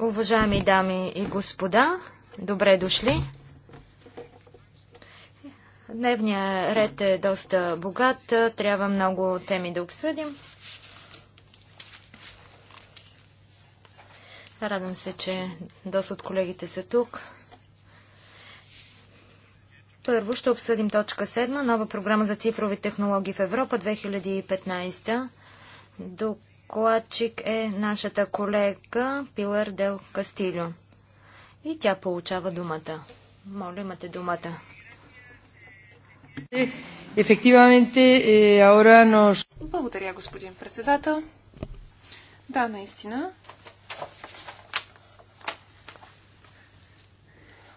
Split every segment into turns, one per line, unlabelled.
Уважаеми дами и господа, добре дошли. Дневният ред е доста богат, трябва много теми да обсъдим. Радвам се, че доста от колегите са тук. Първо ще обсъдим точка 7, нова програма за цифрови технологии в Европа 2015. До докладчик е нашата колега Пилар Дел Кастилю. И тя получава думата. Моля, имате думата. Е,
е,
Благодаря, господин председател.
Да, наистина.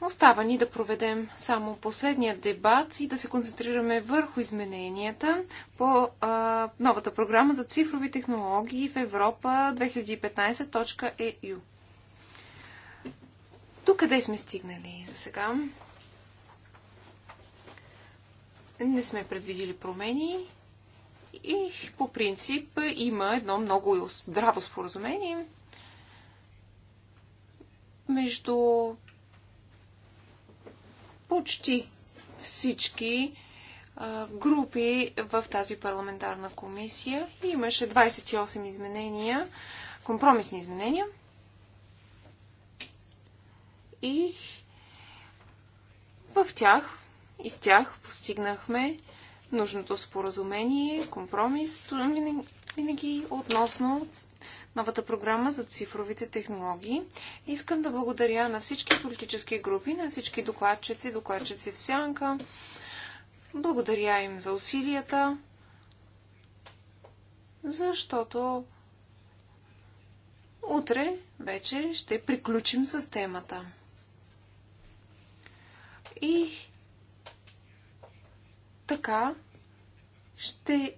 Остава ни да проведем само последния дебат и да се концентрираме върху измененията по а, новата програма за цифрови технологии в Европа 2015.eu. Е Тук къде сме стигнали за сега? Не сме предвидили промени и по принцип има едно много здраво споразумение между почти всички групи в тази парламентарна комисия. Имаше 28 изменения, компромисни изменения. И в тях, из тях постигнахме нужното споразумение, компромис, винаги относно новата програма за цифровите технологии. Искам да благодаря на всички политически групи, на всички докладчици, докладчици в сянка. Благодаря им за усилията, защото утре вече ще приключим с темата. И така ще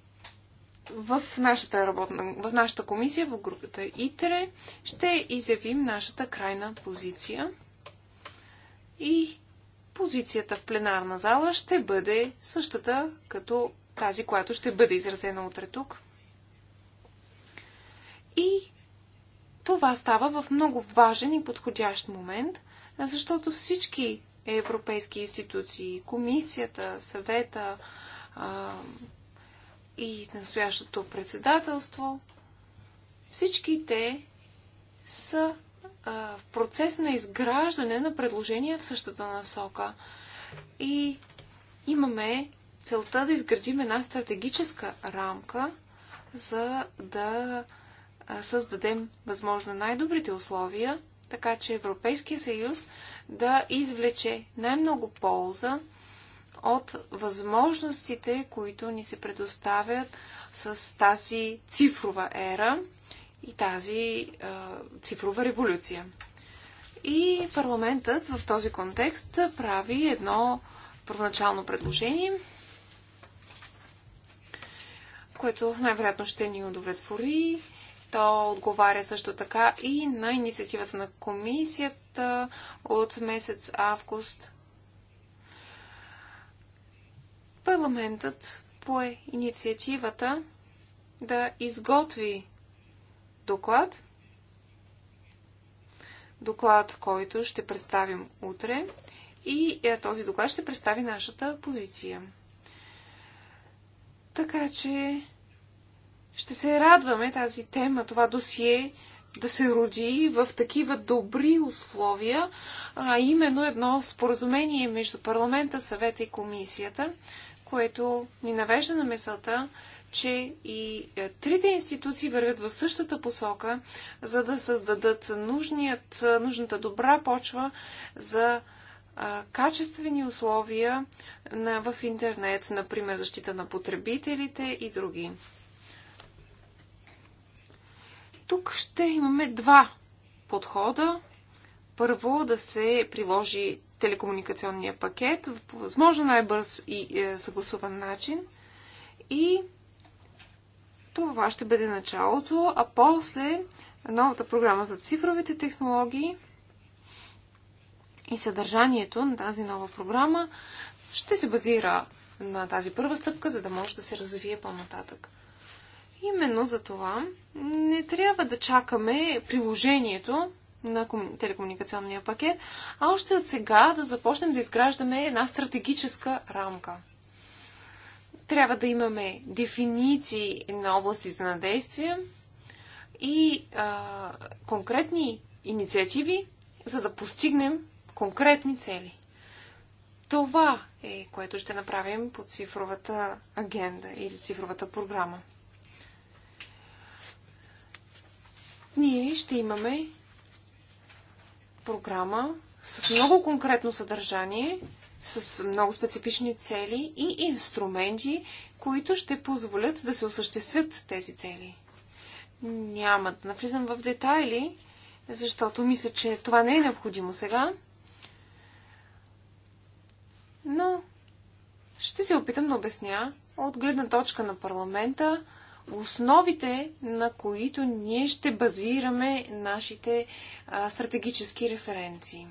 в нашата, работна, в нашата комисия, в групата ИТРЕ, ще изявим нашата крайна позиция и позицията в пленарна зала ще бъде същата като тази, която ще бъде изразена утре тук. И това става в много важен и подходящ момент, защото всички европейски институции, комисията, съвета, и настоящото председателство, всички те са а, в процес на изграждане на предложения в същата насока. И имаме целта да изградим една стратегическа рамка, за да създадем възможно най-добрите условия, така че Европейския съюз да извлече най-много полза от възможностите, които ни се предоставят с тази цифрова ера и тази е, цифрова революция. И парламентът в този контекст прави едно първоначално предложение, което най-вероятно ще ни удовлетвори. То отговаря също така и на инициативата на комисията от месец август парламентът пое инициативата да изготви доклад, доклад, който ще представим утре и е, този доклад ще представи нашата позиция. Така че ще се радваме тази тема, това досие да се роди в такива добри условия, а именно едно споразумение между парламента, съвета и комисията, което ни навежда на мисълта, че и е, трите институции вървят в същата посока, за да създадат нужният, е, нужната добра почва за е, качествени условия на, в интернет, например защита на потребителите и други. Тук ще имаме два подхода. Първо да се приложи телекомуникационния пакет по възможно най-бърз и е, съгласуван начин. И това ще бъде началото, а после новата програма за цифровите технологии и съдържанието на тази нова програма ще се базира на тази първа стъпка, за да може да се развие по-нататък. Именно за това не трябва да чакаме приложението на телекомуникационния пакет, а още от сега да започнем да изграждаме една стратегическа рамка. Трябва да имаме дефиниции на областите на действие и а, конкретни инициативи, за да постигнем конкретни цели. Това е което ще направим по цифровата агенда или цифровата програма. Ние ще имаме програма с много конкретно съдържание, с много специфични цели и инструменти, които ще позволят да се осъществят тези цели. Няма да навлизам в детайли, защото мисля, че това не е необходимо сега. Но ще се опитам да обясня от гледна точка на парламента, основите, на които ние ще базираме нашите а, стратегически референции.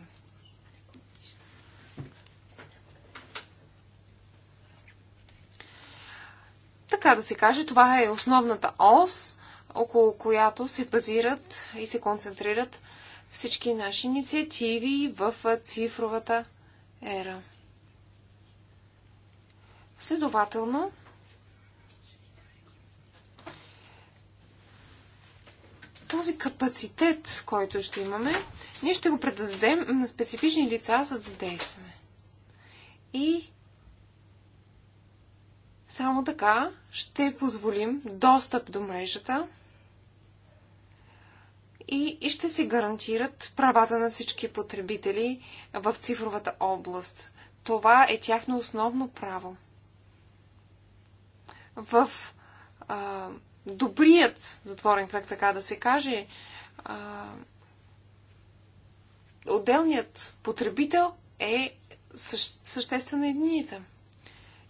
Така да се каже, това е основната ос, около която се базират и се концентрират всички наши инициативи в цифровата ера. Следователно, този капацитет, който ще имаме, ние ще го предадем на специфични лица, за да действаме. И само така ще позволим достъп до мрежата и, и ще се гарантират правата на всички потребители в цифровата област. Това е тяхно основно право. В а, добрият затворен кръг, така да се каже, а, отделният потребител е същ, съществена единица.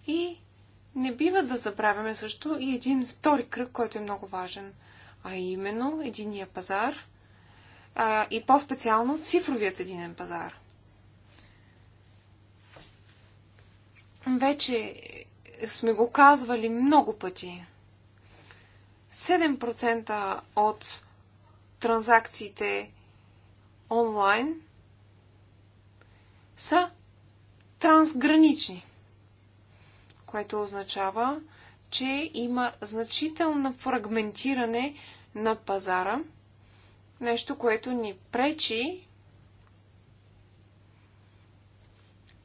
И не бива да забравяме също и един втори кръг, който е много важен, а именно единия пазар а, и по-специално цифровият единен пазар. Вече сме го казвали много пъти – 7% от транзакциите онлайн са трансгранични, което означава, че има значително фрагментиране на пазара, нещо, което ни пречи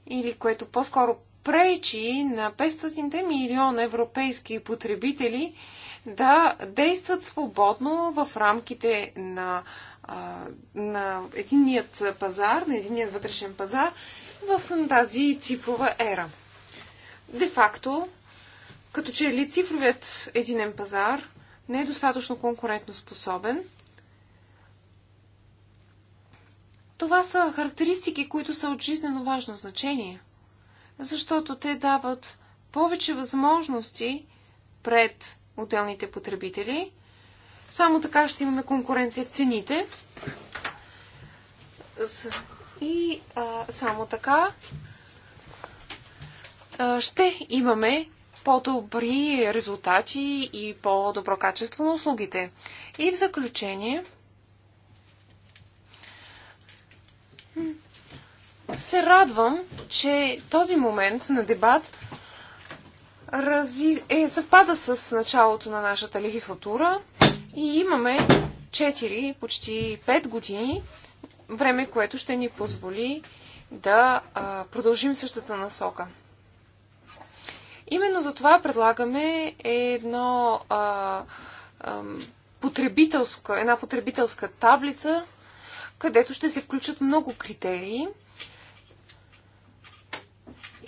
или което по-скоро пречи на 500 милиона европейски потребители да действат свободно в рамките на, на единият пазар, на единият вътрешен пазар в тази цифрова ера. Де-факто, като че ли цифровият единен пазар не е достатъчно конкурентно способен, това са характеристики, които са от жизнено важно значение – защото те дават повече възможности пред отделните потребители. Само така ще имаме конкуренция в цените. И а, само така а, ще имаме по-добри резултати и по-добро качество на услугите. И в заключение, се радвам, че този момент на дебат рази... е, съвпада с началото на нашата легислатура и имаме 4, почти 5 години време, което ще ни позволи да а, продължим същата насока. Именно за това предлагаме едно, а, а, потребителска, една потребителска таблица, където ще се включат много критерии –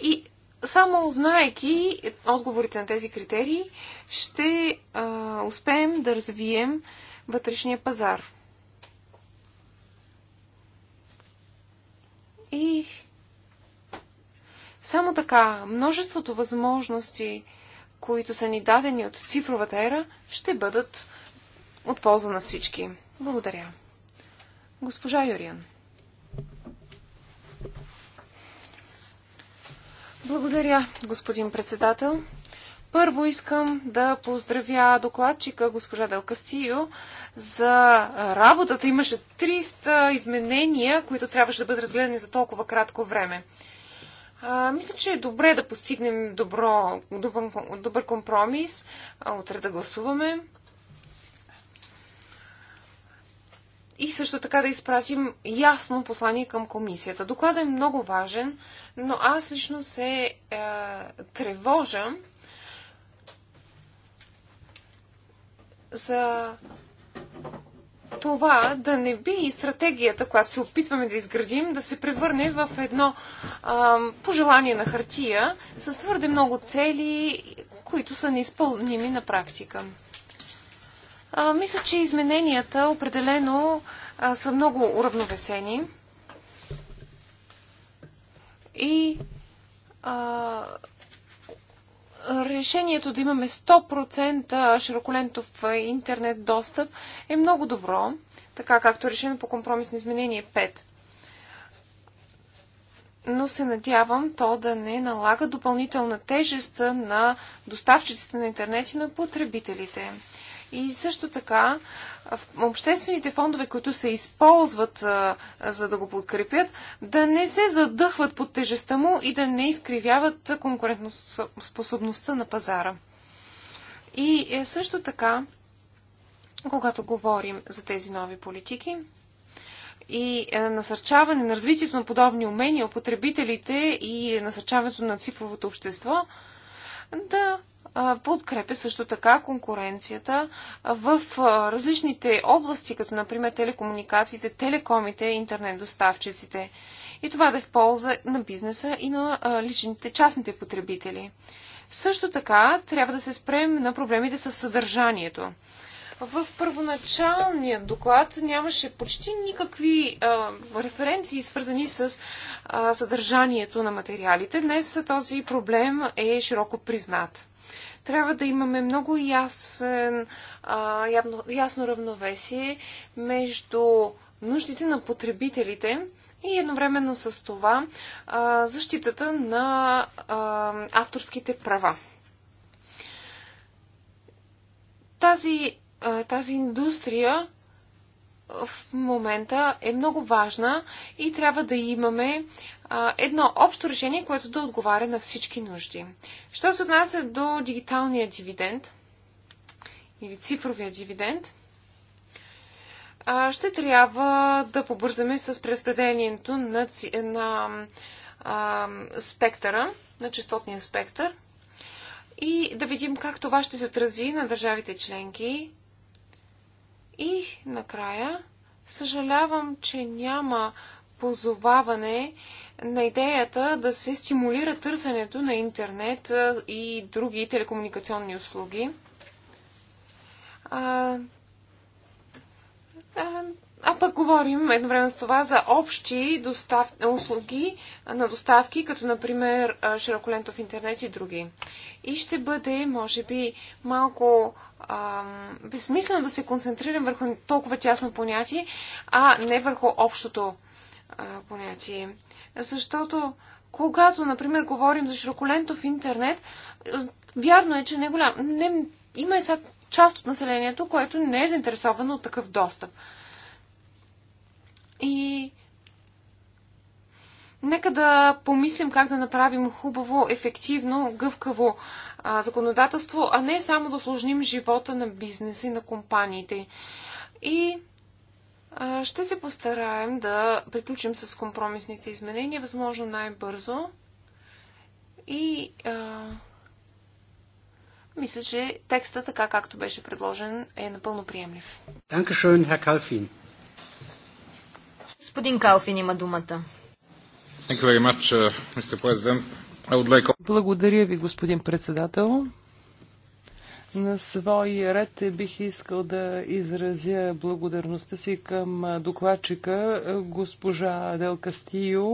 и само знаеки отговорите на тези критерии, ще а, успеем да развием вътрешния пазар. И само така, множеството възможности, които са ни дадени от цифровата ера, ще бъдат от полза на всички. Благодаря. Госпожа Юриан. Благодаря, господин председател. Първо искам да поздравя докладчика госпожа Дел Кастио за работата. Имаше 300 изменения, които трябваше да бъдат разгледани за толкова кратко време. А, мисля, че е добре да постигнем добро, добър, добър компромис. А, утре да гласуваме. И също така да изпратим ясно послание към комисията. Докладът е много важен, но аз лично се е, тревожа за това да не би и стратегията, която се опитваме да изградим, да се превърне в едно а, пожелание на хартия с твърде много цели, които са неизпълними на практика. А, мисля, че измененията определено а, са много уравновесени и а, решението да имаме 100% широколентов интернет достъп е много добро, така както е решено по компромисно изменение 5. Но се надявам то да не налага допълнителна тежест на доставчиците на интернет и на потребителите. И също така обществените фондове, които се използват а, за да го подкрепят, да не се задъхват под тежестта му и да не изкривяват конкурентоспособността на пазара. И е също така, когато говорим за тези нови политики и е, насърчаване на развитието на подобни умения у потребителите и насърчаването на цифровото общество, да подкрепя също така конкуренцията в различните области, като например телекомуникациите, телекомите, интернет доставчиците. И това да е в полза на бизнеса и на личните частните потребители. Също така трябва да се спрем на проблемите с съдържанието. В първоначалния доклад нямаше почти никакви а, референции, свързани с а, съдържанието на материалите. Днес този проблем е широко признат трябва да имаме много ясен, а, явно, ясно равновесие между нуждите на потребителите и едновременно с това а, защитата на а, авторските права. Тази, а, тази индустрия в момента е много важна и трябва да имаме едно общо решение, което да отговаря на всички нужди. Що се отнася до дигиталния дивиденд или цифровия дивиденд, ще трябва да побързаме с преразпределението на, на а, спектъра, на частотния спектър и да видим как това ще се отрази на държавите членки. И накрая, съжалявам, че няма позоваване на идеята да се стимулира търсенето на интернет и други телекомуникационни услуги. А, а, а пък говорим едновременно с това за общи достав... услуги на доставки, като например широколентов интернет и други. И ще бъде, може би, малко ам, безсмислено да се концентрирам върху толкова тясно понятие, а не върху общото понятие. Защото когато, например, говорим за широколентов интернет, вярно е, че не е голям. Не, има сега част от населението, което не е заинтересовано от такъв достъп. И нека да помислим как да направим хубаво, ефективно, гъвкаво а, законодателство, а не само да осложним живота на бизнеса и на компаниите. И ще се постараем да приключим с компромисните изменения, възможно най-бързо. И а, мисля, че текста, така както беше предложен, е напълно приемлив. Dankeschön, хер Калфин.
Господин Калфин има думата.
Uh, Благодаря ви, господин председател. На свой ред бих искал да изразя благодарността си към докладчика госпожа Дел Кастио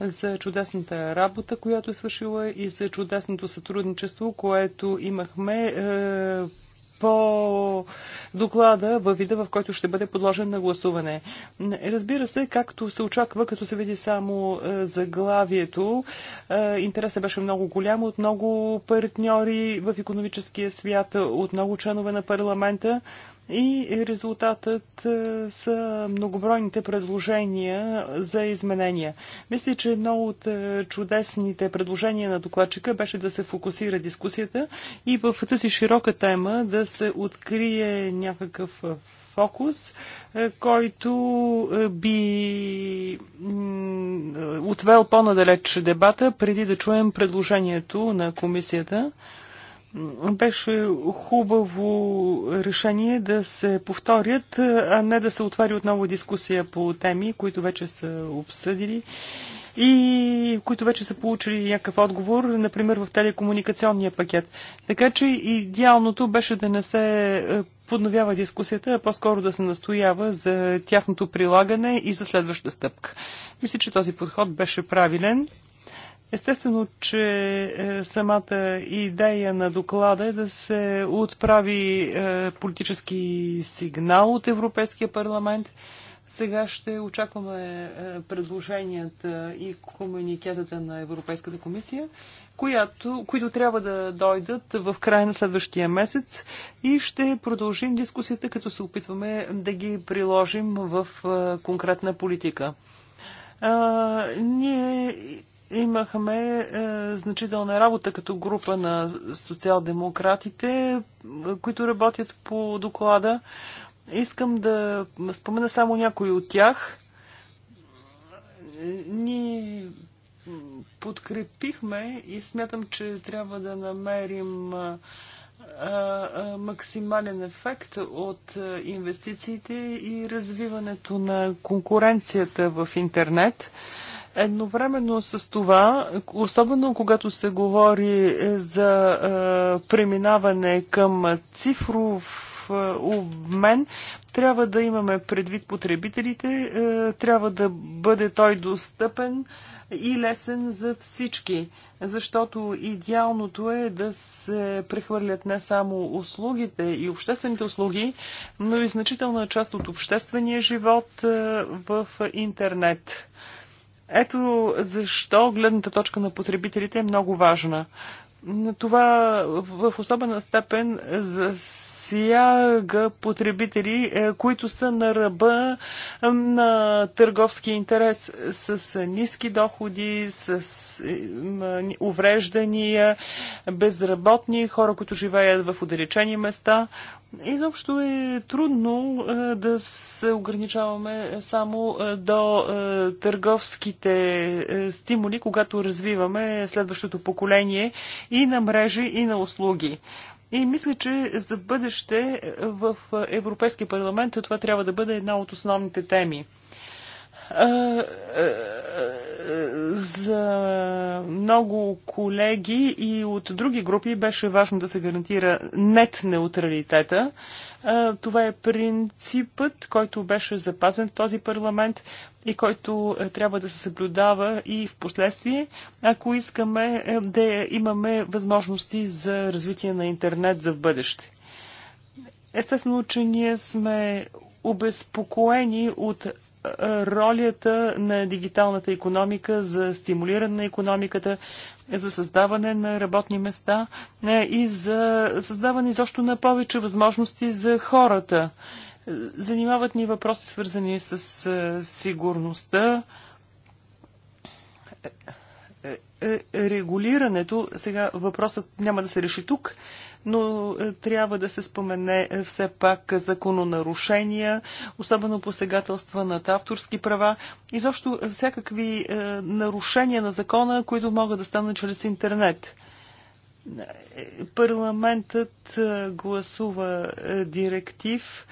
за чудесната работа, която е свършила и за чудесното сътрудничество, което имахме е, по доклада във вида, в който ще бъде подложен на гласуване. Разбира се, както се очаква, като се види само е, заглавието, е, интересът беше много голям от много партньори в економическия свят, от много членове на парламента и резултатът е, са многобройните предложения за изменения. Мисля, че едно от е, чудесните предложения на докладчика беше да се фокусира дискусията и в тази широка тема да се открие някакъв е, фокус, който би отвел по-надалеч дебата преди да чуем предложението на комисията беше хубаво решение да се повторят, а не да се отвори отново дискусия по теми, които вече са обсъдили и които вече са получили някакъв отговор, например в телекомуникационния пакет. Така че идеалното беше да не се е, подновява дискусията, а по-скоро да се настоява за тяхното прилагане и за следваща стъпка. Мисля, че този подход беше правилен Естествено, че е, самата идея на доклада е да се отправи е, политически сигнал от Европейския парламент. Сега ще очакваме е, предложенията и комуникетата на Европейската комисия, която, които трябва да дойдат в края на следващия месец и ще продължим дискусията, като се опитваме да ги приложим в конкретна политика. А, ние имахме е, значителна работа като група на социал-демократите, които работят по доклада. Искам да спомена само някои от тях. Ние подкрепихме и смятам, че трябва да намерим е, е, максимален ефект от е, инвестициите и развиването на конкуренцията в интернет. Едновременно с това, особено когато се говори е, за е, преминаване към цифров е, обмен, трябва да имаме предвид потребителите, трябва да бъде той достъпен и лесен за всички, защото идеалното е да се прехвърлят не само услугите и обществените услуги, но и значителна част от обществения живот в интернет. Ето защо гледната точка на потребителите е много важна. Това в особена степен за засяга потребители, е, които са на ръба на търговски интерес с е, ниски доходи, с е, увреждания, безработни, хора, които живеят в отдалечени места. Изобщо е трудно да се ограничаваме само до търговските стимули, когато развиваме следващото поколение и на мрежи, и на услуги. И мисля, че за бъдеще е, в Европейския парламент това трябва да бъде една от основните теми за много колеги и от други групи беше важно да се гарантира нет неутралитета. Това е принципът, който беше запазен в този парламент и който е, трябва да се съблюдава и в последствие, ако искаме е, да имаме възможности за развитие на интернет за в бъдеще. Естествено, че ние сме обезпокоени от ролята на дигиталната економика за стимулиране на економиката, за създаване на работни места е, и за създаване изобщо на повече възможности за хората. Занимават ни въпроси, свързани с е, сигурността, е, регулирането. Сега въпросът няма да се реши тук, но е, трябва да се спомене е, все пак закононарушения, особено посегателства над авторски права и защо е, всякакви нарушения на закона, които могат да станат чрез интернет. Парламентът гласува директив,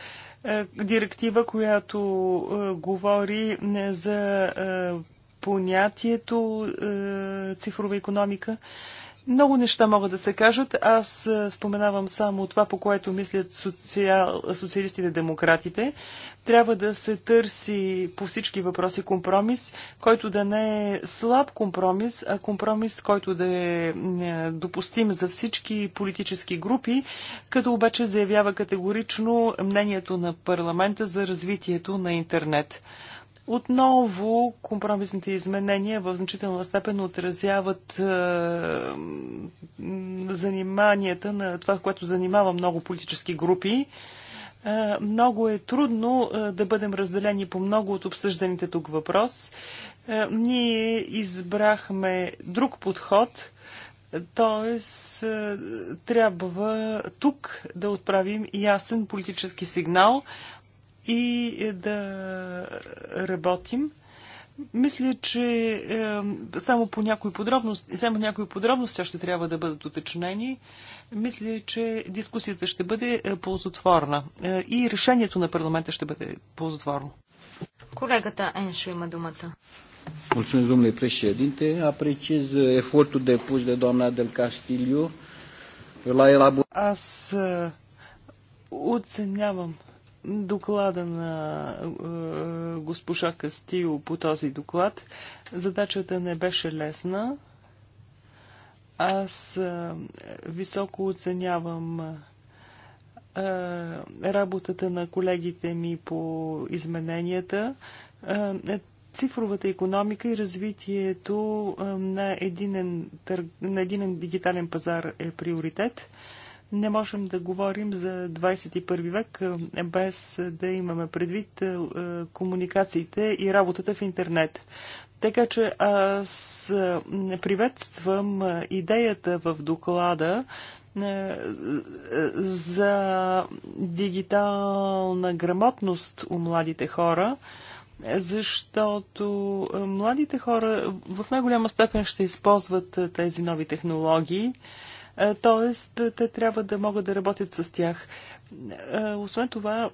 директива, която говори за понятието цифрова економика. Много неща могат да се кажат. Аз споменавам само това, по което мислят социал... социалистите демократите. Трябва да се търси по всички въпроси компромис, който да не е слаб компромис, а компромис, който да е, е допустим за всички политически групи, като обаче заявява категорично мнението на парламента за развитието на интернет. Отново компромисните изменения в значителна степен отразяват е, заниманията на това, което занимава много политически групи. Е, много е трудно е, да бъдем разделени по много от обсъжданите тук въпрос. Е, ние избрахме друг подход, т.е. трябва тук да отправим ясен политически сигнал, и е, да работим. Мисля, че е, само по някои подробности, само някои подробности ще трябва да бъдат уточнени. Мисля, че дискусията ще бъде е, ползотворна е, и решението на парламента ще бъде ползотворно.
Колегата Еншо има думата.
Mulțumesc, domnule președinte. Apreciez efortul depus de doamna Del Castillo la elaborarea. Аз е, оценявам доклада на е, е, госпожа Кастил по този доклад. Задачата не беше лесна. Аз е, високо оценявам работата на колегите ми по измененията, цифровата економика и развитието на единен, на единен дигитален пазар е приоритет. Не можем да говорим за 21 век без да имаме предвид комуникациите и работата в интернет. Така че аз приветствам идеята в доклада за дигитална грамотност у младите хора, защото младите хора в най-голяма степен ще използват тези нови технологии. Е, тоест, те трябва да могат да работят с тях. Е, освен това,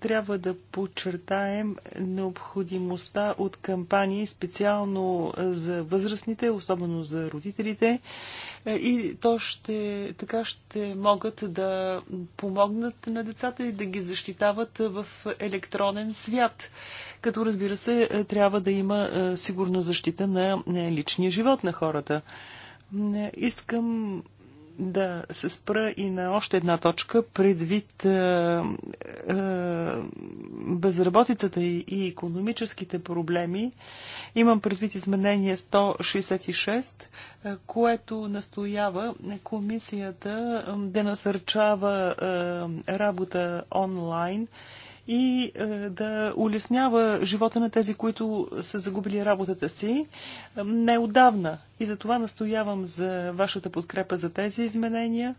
трябва да подчертаем необходимостта от кампании специално е, за възрастните, особено за родителите. И то ще, така ще могат да помогнат на децата и да ги защитават в електронен свят. Като разбира се, трябва да има сигурна защита на личния живот на хората. Искам да се спра и на още една точка, предвид е, е, безработицата и, и економическите проблеми. Имам предвид изменение 166, е, което настоява комисията да насърчава е, работа онлайн. Е, и е, да улеснява живота на тези, които са загубили работата си е, неодавна. И за това настоявам за вашата подкрепа за тези изменения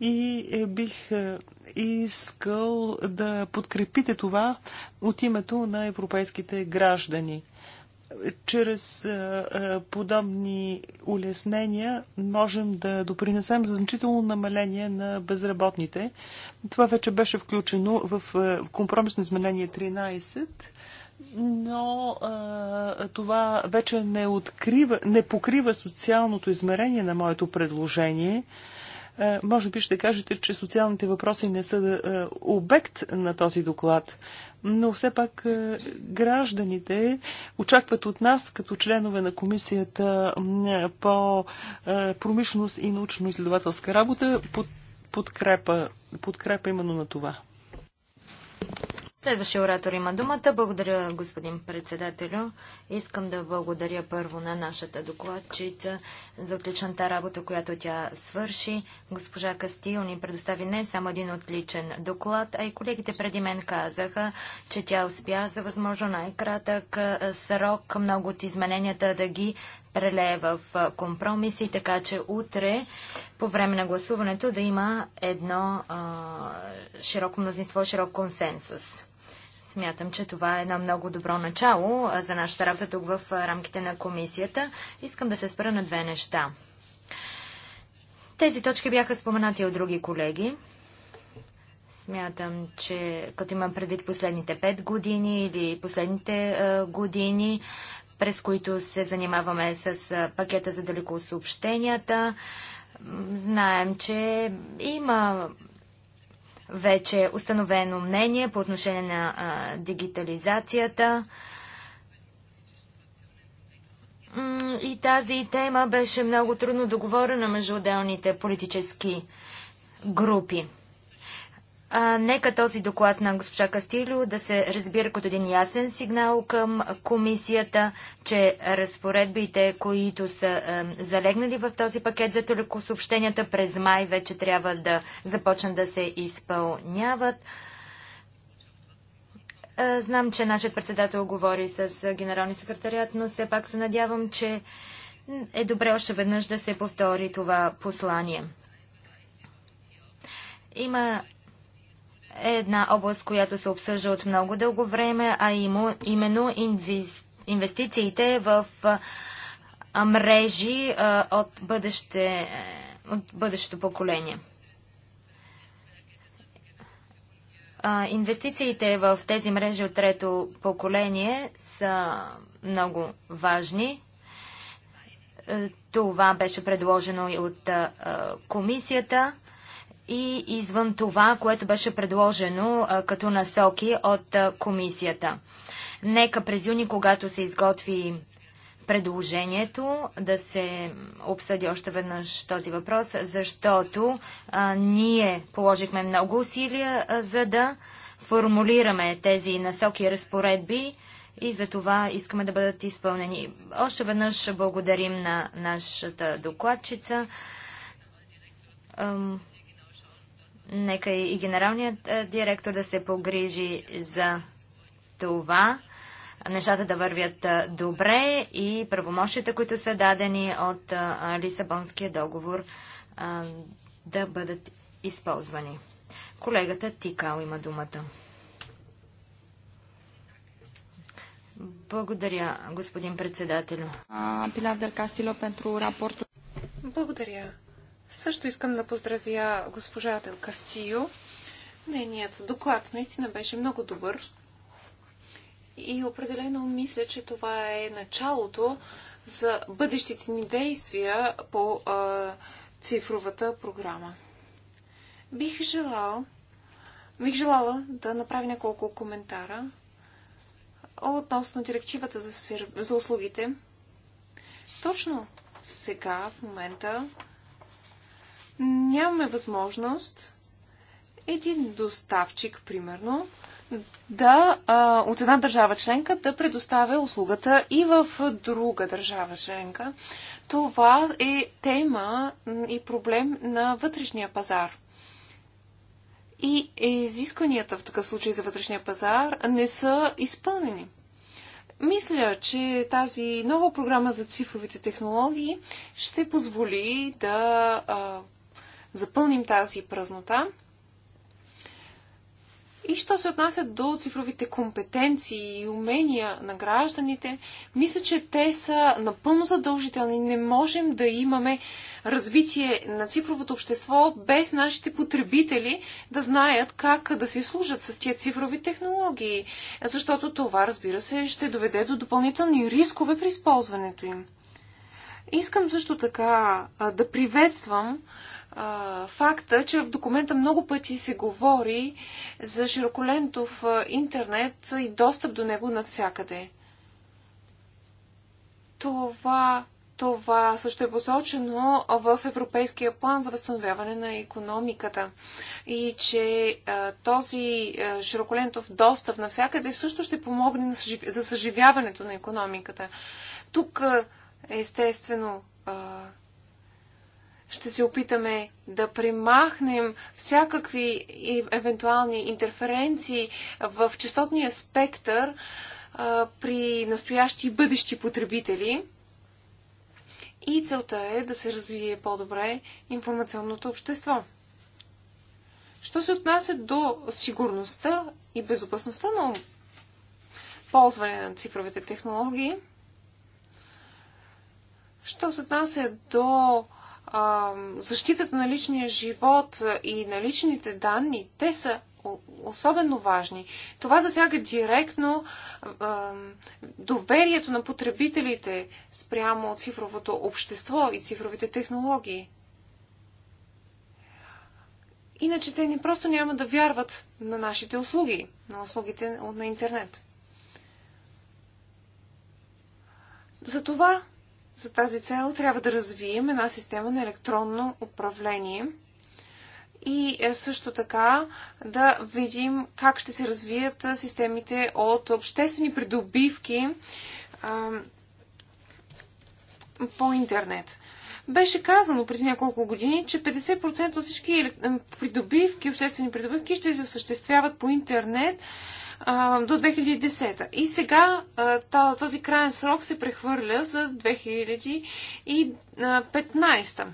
и е, бих искал да подкрепите това от името на европейските граждани чрез подобни улеснения можем да допринесем за значително намаление на безработните. Това вече беше включено в компромисно изменение 13 но а, това вече не, открива, не покрива социалното измерение на моето предложение. А, може би ще кажете, че социалните въпроси не са а, обект на този доклад, но все пак е, гражданите очакват от нас, като членове на комисията по е, промишленост и научно-изследователска работа, подкрепа, подкрепа именно на това.
Следващия оратор има думата. Благодаря, господин председателю. Искам да благодаря първо на нашата докладчица за отличната работа, която тя свърши. Госпожа Кастил ни предостави не само един отличен доклад, а и колегите преди мен казаха, че тя успя за възможно най-кратък срок много от измененията да ги прелее в компромиси, така че утре по време на гласуването да има едно а, широко мнозинство, широк консенсус. Смятам, че това е едно много добро начало за нашата работа тук в рамките на комисията. Искам да се спра на две неща. Тези точки бяха споменати от други колеги. Смятам, че като имам предвид последните пет години или последните е, години, през които се занимаваме с е, пакета за далеко съобщенията, знаем, че има вече е установено мнение по отношение на а, дигитализацията. И тази тема беше много трудно договорена между отделните политически групи. А, нека този доклад на госпожа Кастилио да се разбира като един ясен сигнал към комисията, че разпоредбите, които са а, залегнали в този пакет за телекосъобщенията през май вече трябва да започнат да се изпълняват. А, знам, че нашият председател говори с генералния секретарят, но все пак се надявам, че е добре още веднъж да се повтори това послание. Има е една област, която се обсъжда от много дълго време, а именно инвестициите в мрежи от, бъдеще, от бъдещето поколение. Инвестициите в тези мрежи от трето поколение са много важни. Е, това беше предложено и от комисията и извън това, което беше предложено а, като насоки от а, комисията. Нека през юни, когато се изготви предложението, да се обсъди още веднъж този въпрос, защото а, ние положихме много усилия, а, за да формулираме тези насоки и разпоредби и за това искаме да бъдат изпълнени. Още веднъж благодарим на нашата докладчица. Нека и генералният е, директор да се погрижи за това, нещата да вървят е, добре и правомощите, които са дадени от е, Лисабонския договор, да бъдат използвани. Колегата Тикал има думата. Благодаря, господин председател. Пилар Кастило, пентру
Благодаря, също искам да поздравя госпожа Ател Кастио. Нейният доклад наистина беше много добър. И определено мисля, че това е началото за бъдещите ни действия по а, цифровата програма. Бих желал, бих желала да направя няколко коментара относно директивата за, сер... за услугите. Точно сега, в момента, нямаме възможност един доставчик, примерно, да, а, от една държава членка да предоставя услугата и в друга държава членка. Това е тема и проблем на вътрешния пазар. И изискванията в такъв случай за вътрешния пазар не са изпълнени. Мисля, че тази нова програма за цифровите технологии ще позволи да а, запълним тази празнота. И що се отнася до цифровите компетенции и умения на гражданите, мисля, че те са напълно задължителни. Не можем да имаме развитие на цифровото общество без нашите потребители да знаят как да си служат с тези цифрови технологии, защото това, разбира се, ще доведе до допълнителни рискове при използването им. Искам също така да приветствам а, факта, че в документа много пъти се говори за широколентов интернет и достъп до него навсякъде. Това, това също е посочено в Европейския план за възстановяване на економиката. И че а, този а, широколентов достъп навсякъде също ще помогне на съжив... за съживяването на економиката. Тук, естествено, а, ще се опитаме да примахнем всякакви евентуални интерференции в частотния спектър а, при настоящи и бъдещи потребители. И целта е да се развие по-добре информационното общество. Що се отнася до сигурността и безопасността на ползване на цифровите технологии, що се отнася до защитата на личния живот и на личните данни, те са особено важни. Това засяга директно а, доверието на потребителите спрямо цифровото общество и цифровите технологии. Иначе те ни просто няма да вярват на нашите услуги, на услугите на интернет. Затова за тази цел трябва да развием една система на електронно управление и е, също така да видим как ще се развият е, системите от обществени придобивки а, е, по интернет. Беше казано преди няколко години, че 50% от всички придобивки, обществени придобивки ще се осъществяват по интернет а, до 2010. И сега а, този крайен срок се прехвърля за 2015.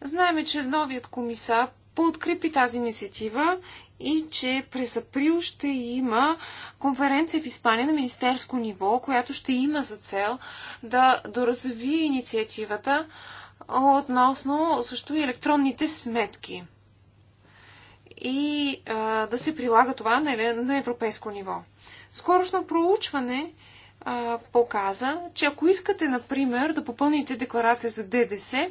Знаеме, че новият комисар подкрепи тази инициатива и че през април ще има конференция в Испания на министерско ниво, която ще има за цел да доразвие инициативата относно също и електронните сметки и а, да се прилага това на, на европейско ниво. Скорошно проучване а, показа, че ако искате, например, да попълните декларация за ДДС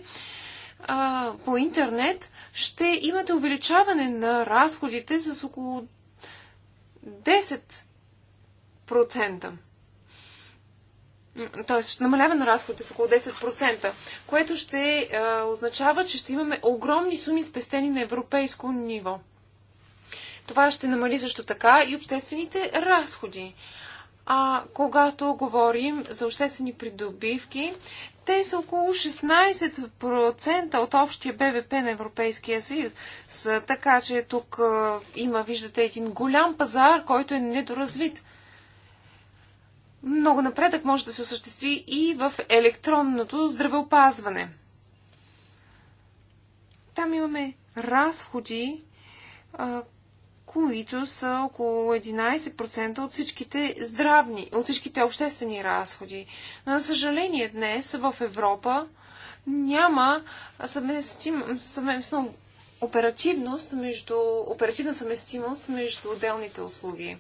а, по интернет, ще имате увеличаване на разходите с около 10%. Тоест, намаляване на разходите с около 10%, което ще е, означава, че ще имаме огромни суми спестени на европейско ниво. Това ще намали също така и обществените разходи. А когато говорим за обществени придобивки, те са около 16% от общия БВП на Европейския съюз. Така че тук има, виждате, един голям пазар, който е недоразвит. Много напредък може да се осъществи и в електронното здравеопазване. Там имаме разходи, които са около 11% от всичките здравни, от всичките обществени разходи. Но, за съжаление, днес в Европа няма съвместно оперативност между, оперативна съвместимост между отделните услуги.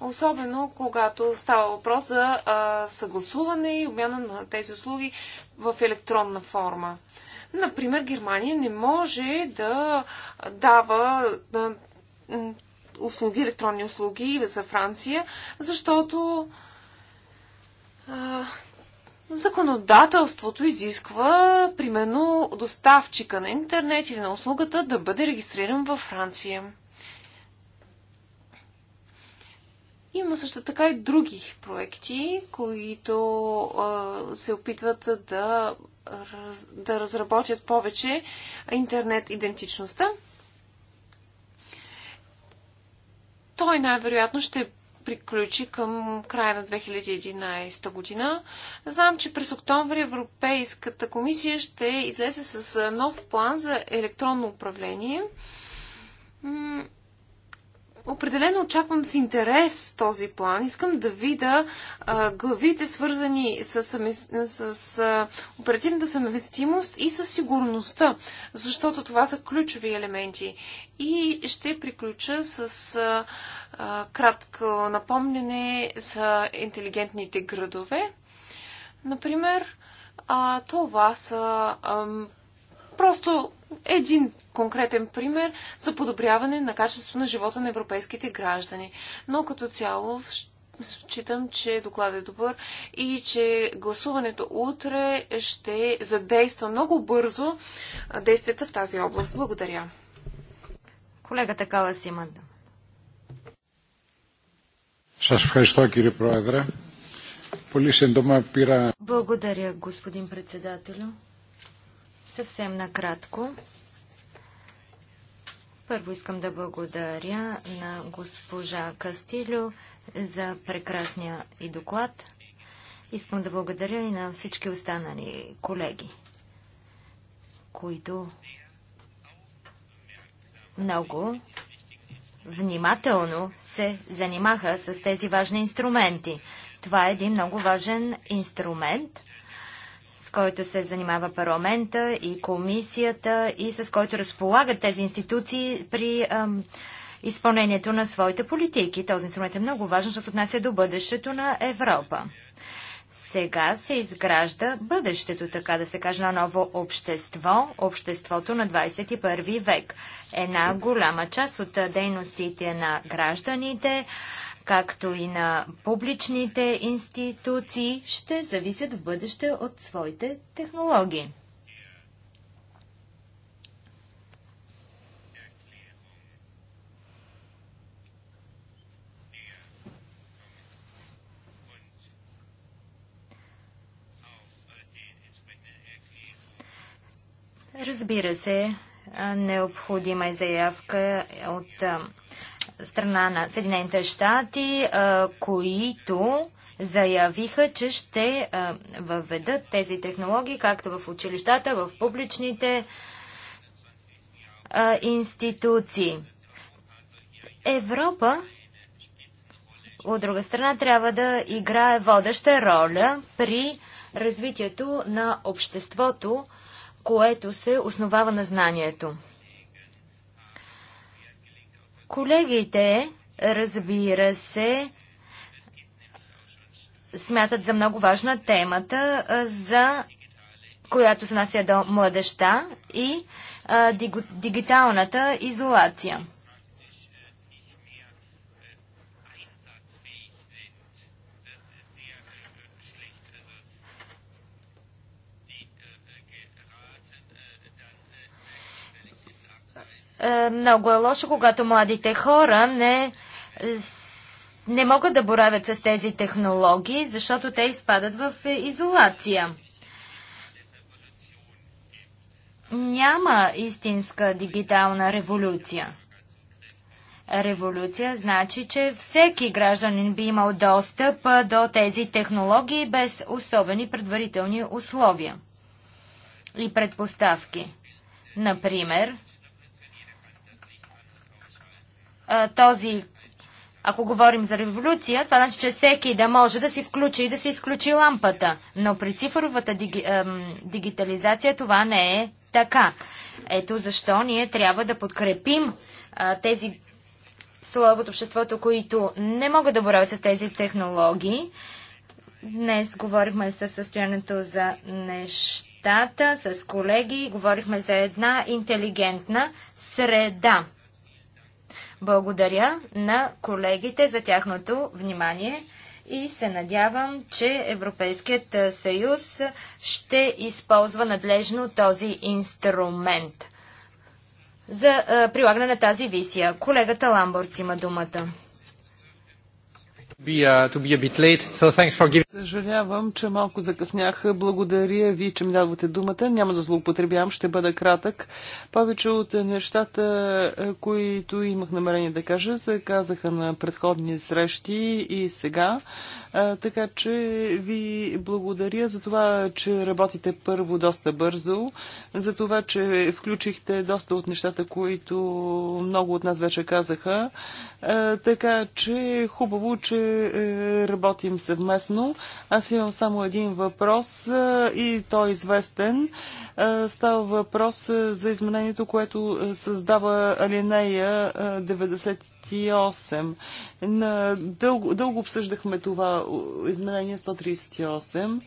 Особено когато става въпрос за а, съгласуване и обмяна на тези услуги в електронна форма. Например, Германия не може да дава да, услуги, електронни услуги за Франция, защото а, законодателството изисква, примерно, доставчика на интернет или на услугата да бъде регистриран във Франция. Има също така и други проекти, които а, се опитват да, раз, да разработят повече интернет идентичността. Той най-вероятно ще приключи към края на 2011 година. Знам, че през октомври Европейската комисия ще излезе с нов план за електронно управление. Определено очаквам с интерес този план. Искам да видя а, главите свързани с, с, с оперативната съвместимост и с сигурността, защото това са ключови елементи. И ще приключа с а, а, кратко напомнене за интелигентните градове. Например, а, това са а, просто един конкретен пример за подобряване на качеството на живота на европейските граждани. Но като цяло считам, че докладът е добър и че гласуването утре ще задейства много бързо
действията в тази област. Благодаря. Колегата Кала има Благодаря, господин председателю. Съвсем накратко. Първо искам да благодаря на госпожа Кастилю за прекрасния и доклад. Искам да благодаря и на всички останали колеги, които много внимателно се занимаха с тези важни инструменти. Това е един много важен инструмент, който се занимава парламента и комисията и с който разполагат тези институции при ам, изпълнението на своите политики. Този инструмент е много важен, защото отнася до бъдещето на Европа. Сега се изгражда бъдещето, така да се каже, на ново общество, обществото на 21 век. Една голяма част от дейностите на гражданите както и на публичните институции, ще зависят в бъдеще от своите технологии. Разбира се, необходима е заявка от страна на Съединените щати, които заявиха, че ще въведат тези технологии както в училищата, в публичните институции. Европа, от друга страна, трябва да играе водеща роля при развитието на обществото, което се основава на знанието. Колегите, разбира се, смятат за много важна темата за която се нася до младеща и дигиталната изолация. Е, много е лошо, когато младите хора не, не могат да боравят с тези технологии, защото те изпадат в е, изолация. Няма истинска дигитална революция. Революция значи, че всеки гражданин би имал достъп е, до тези технологии без особени предварителни условия и предпоставки. Например, а, този, ако говорим за революция, това значи, че всеки да може да си включи и да си изключи лампата. Но при цифровата диги, ам, дигитализация това не е така. Ето защо ние трябва да подкрепим а, тези слоеве от обществото, които не могат да борят с тези технологии. Днес говорихме с състоянието за нещата с колеги, говорихме за една интелигентна среда. Благодаря на колегите за тяхното внимание и се надявам, че Европейският съюз ще използва надлежно този инструмент за прилагане на тази висия. Колегата Ламборц има думата.
Uh,
Съжалявам, че малко закъснях. Благодаря ви, че ми давате думата. Няма да злоупотребявам, ще бъда кратък. Повече от нещата, е, които имах намерение да кажа, се казаха на предходни срещи и сега. Е, така че ви благодаря за това, че работите първо доста бързо, за това, че включихте доста от нещата, които много от нас вече казаха. Е, така че хубаво, че е, работим съвместно. Аз имам само един въпрос е, и той е известен. Е, става въпрос е, за изменението, което е, създава алинея 98. На дълго, дълго обсъждахме това изменение 138.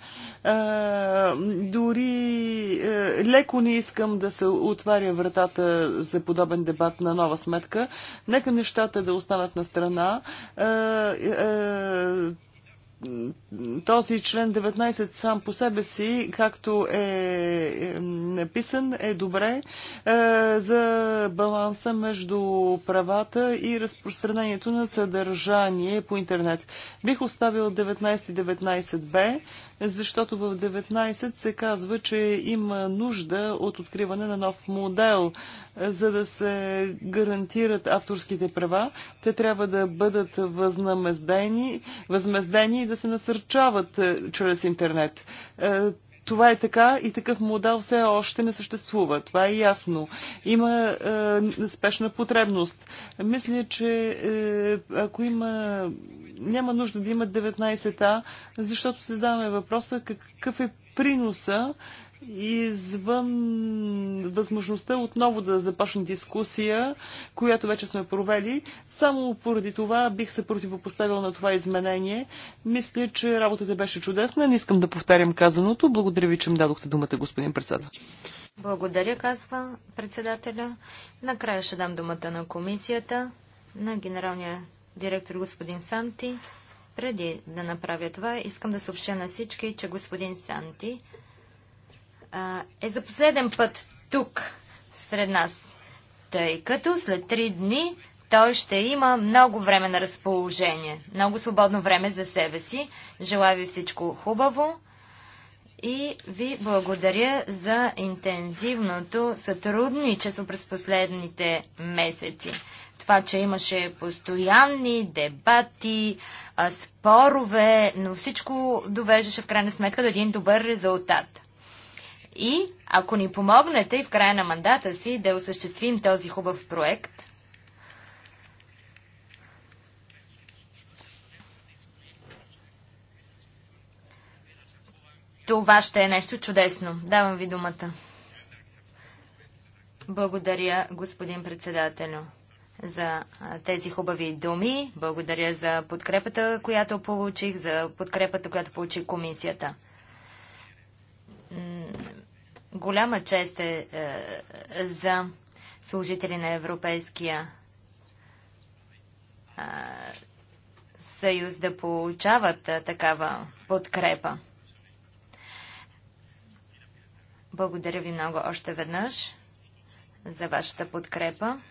А, дори а, леко не искам да се отваря вратата за подобен дебат на нова сметка. Нека нещата да останат на страна. А, този член 19 сам по себе си, както е, е написан, е добре е, за баланса между правата и разпространението на съдържание по интернет. Бих оставил 19 и 19б, защото в 19 се казва, че има нужда от откриване на нов модел, за да се гарантират авторските права. Те трябва да бъдат възмездени и да се насърчават е, чрез интернет. Е, това е така и такъв модел все още не съществува. Това е ясно. Има е, спешна потребност. Мисля, че е, ако има. Няма нужда да има 19 та защото се задаваме въпроса какъв е приноса извън възможността отново да започне дискусия, която вече сме провели. Само поради това бих се противопоставил на това изменение. Мисля, че работата беше чудесна. Не искам да повтарям казаното. Благодаря ви, че ми дадохте думата, господин председател.
Благодаря, казва председателя. Накрая ще дам думата на комисията, на генералния директор господин Санти. Преди да направя това, искам да съобща на всички, че господин Санти е за последен път тук сред нас, тъй като след три дни той ще има много време на разположение, много свободно време за себе си. Желая ви всичко хубаво и ви благодаря за интензивното сътрудничество през последните месеци. Това, че имаше постоянни дебати, спорове, но всичко довеждаше в крайна сметка до един добър резултат. И ако ни помогнете и в края на мандата си да осъществим този хубав проект, това ще е нещо чудесно. Давам ви думата. Благодаря, господин председателю, за тези хубави думи. Благодаря за подкрепата, която получих, за подкрепата, която получи комисията. Голяма чест е, е за служители на Европейския е, съюз да получават е, такава подкрепа. Благодаря ви много още веднъж за вашата подкрепа.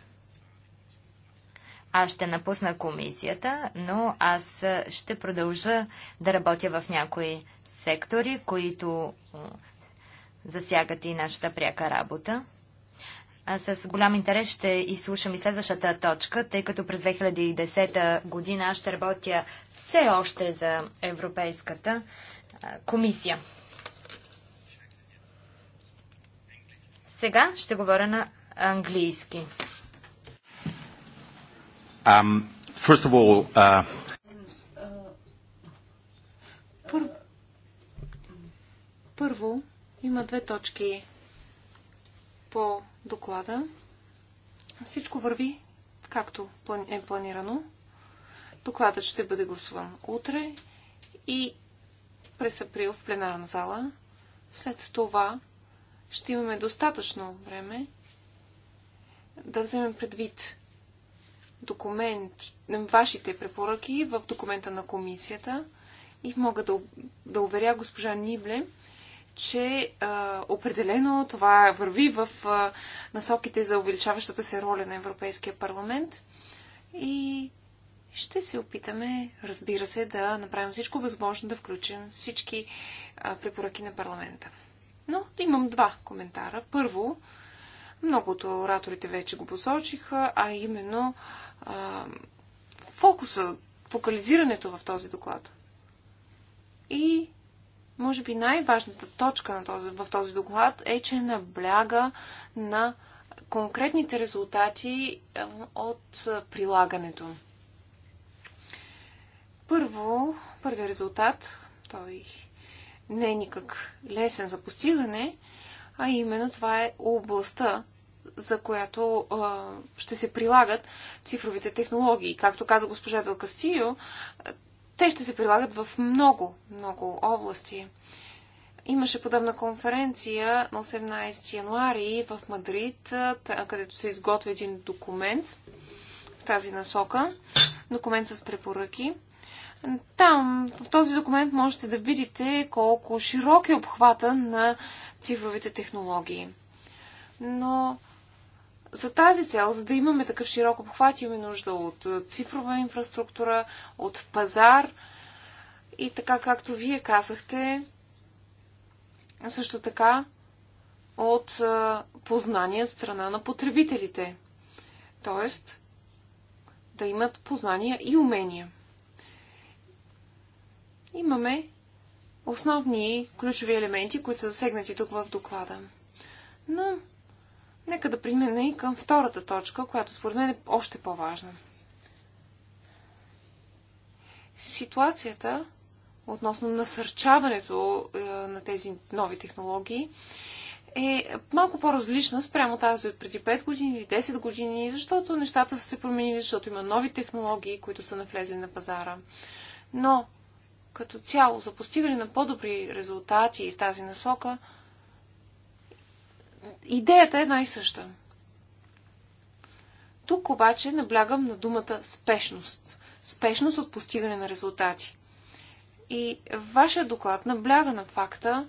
Аз ще напусна комисията, но аз е, ще продължа да работя в някои сектори, които е, засягат и нашата пряка работа. А с голям интерес ще изслушам и следващата точка, тъй като през 2010 година аз ще работя все още за Европейската комисия. Сега ще говоря на английски.
Um, first of
all, uh...
Първо, има две точки по доклада. Всичко върви както е планирано. Докладът ще бъде гласуван утре и през април в пленарна зала. След това ще имаме достатъчно време да вземем предвид документи, вашите препоръки в документа на комисията и мога да, да уверя госпожа Нибле, че а, определено това върви в а, насоките за увеличаващата се роля на Европейския парламент и ще се опитаме, разбира се, да направим всичко възможно да включим всички а, препоръки на парламента. Но имам два коментара. Първо, много от ораторите вече го посочиха, а именно а, фокуса, фокализирането в този доклад. И може би най-важната точка на този, в този доклад е, че набляга на конкретните резултати е, от прилагането. Първо, първият резултат, той не е никак лесен за постигане, а именно това е областта, за която а, е, ще се прилагат цифровите технологии. Както каза госпожа Дел Кастио, те ще се прилагат в много, много области. Имаше подобна конференция на 18 януари в Мадрид, където се изготви един документ в тази насока. Документ с препоръки. Там, в този документ можете да видите колко широк е обхвата на цифровите технологии. Но за тази цел, за да имаме такъв широк обхват, имаме нужда от цифрова инфраструктура, от пазар и така както вие казахте, също така от познание от страна на потребителите. Тоест, да имат познания и умения. Имаме основни ключови елементи, които са засегнати тук в доклада. Но Нека да премина и към втората точка, която според мен е още по-важна. Ситуацията относно насърчаването е, на тези нови технологии е малко по-различна спрямо тази от преди 5 години или 10 години, защото нещата са се променили, защото има нови технологии, които са навлезли на пазара. Но като цяло за постигане на по-добри резултати в тази насока – идеята е най съща. Тук обаче наблягам на думата спешност. Спешност от постигане на резултати. И вашия доклад набляга на факта,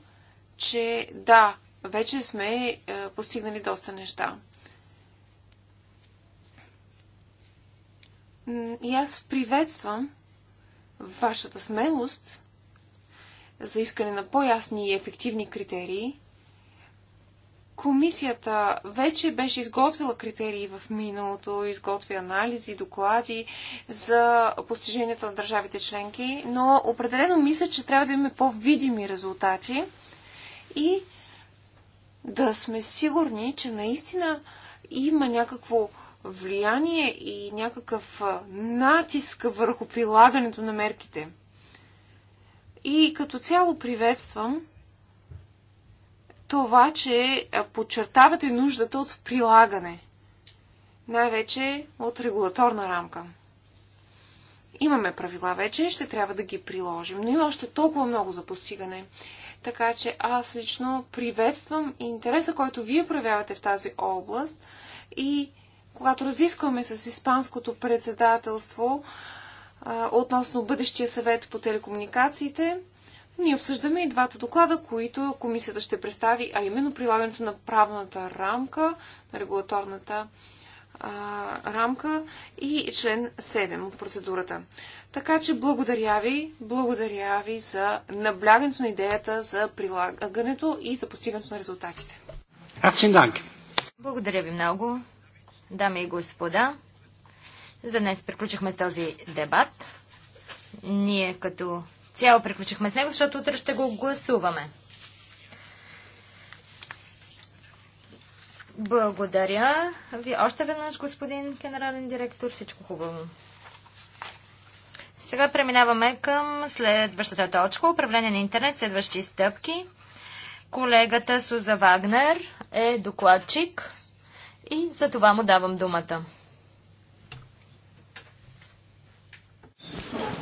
че да, вече сме е, постигнали доста неща. И аз приветствам вашата смелост за искане на по-ясни и ефективни критерии Комисията вече беше изготвила критерии в миналото, изготви анализи, доклади за постиженията на държавите членки, но определено мисля, че трябва да имаме по-видими резултати и да сме сигурни, че наистина има някакво влияние и някакъв натиск върху прилагането на мерките. И като цяло приветствам това, че подчертавате нуждата от прилагане. Най-вече от регулаторна рамка. Имаме правила вече, ще трябва да ги приложим. Но има още толкова много за постигане. Така че аз лично приветствам интереса, който вие проявявате в тази област и когато разискваме с Испанското председателство а, относно бъдещия съвет по телекомуникациите, ние обсъждаме и двата доклада, които комисията ще представи, а именно прилагането на правната рамка, на регулаторната а, рамка и член 7 от процедурата. Така че благодаря ви, благодаря ви за наблягането на идеята
за прилагането и за постигането на резултатите. Благодаря ви много, дами и господа. За днес приключихме този дебат. Ние като цяло приключихме с него, защото утре ще го гласуваме. Благодаря ви още веднъж, господин генерален директор. Всичко хубаво. Сега преминаваме към следващата точка. Управление на интернет, следващи стъпки. Колегата Суза Вагнер е докладчик и за това му давам думата.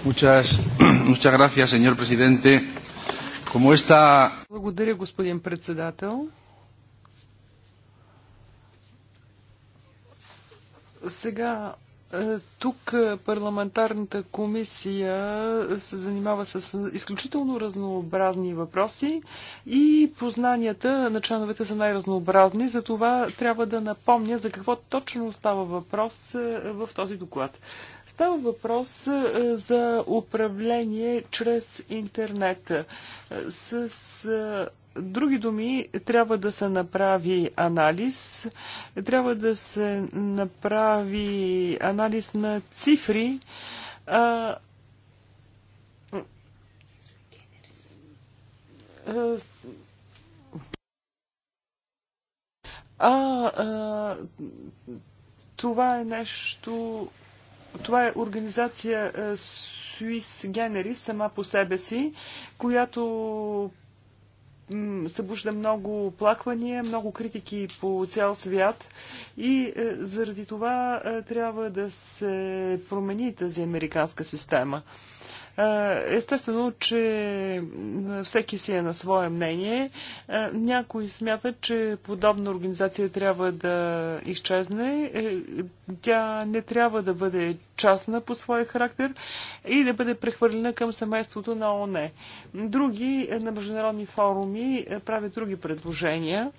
Muchas, muchas gracias, señor presidente. Como esta...
Благодаря, господин председател. Сега е, тук е, парламентарната комисия се занимава с изключително разнообразни въпроси и познанията на членовете са най-разнообразни. За това трябва да напомня за какво точно става въпрос е, в този доклад. Става въпрос за управление чрез интернет с други думи, трябва да се направи анализ, трябва да се направи анализ на цифри. А, а, а, това е нещо. Това е организация Swiss Generis сама по себе си, която събужда много оплаквания, много критики по цял свят и е, заради това е, трябва да се промени тази американска система. Естествено, че всеки си е на свое мнение. Някои смятат, че подобна организация трябва да изчезне. Е, тя не трябва да бъде частна по своя характер и да бъде прехвърлена към семейството на ОНЕ. Други е, на международни форуми е, правят други предложения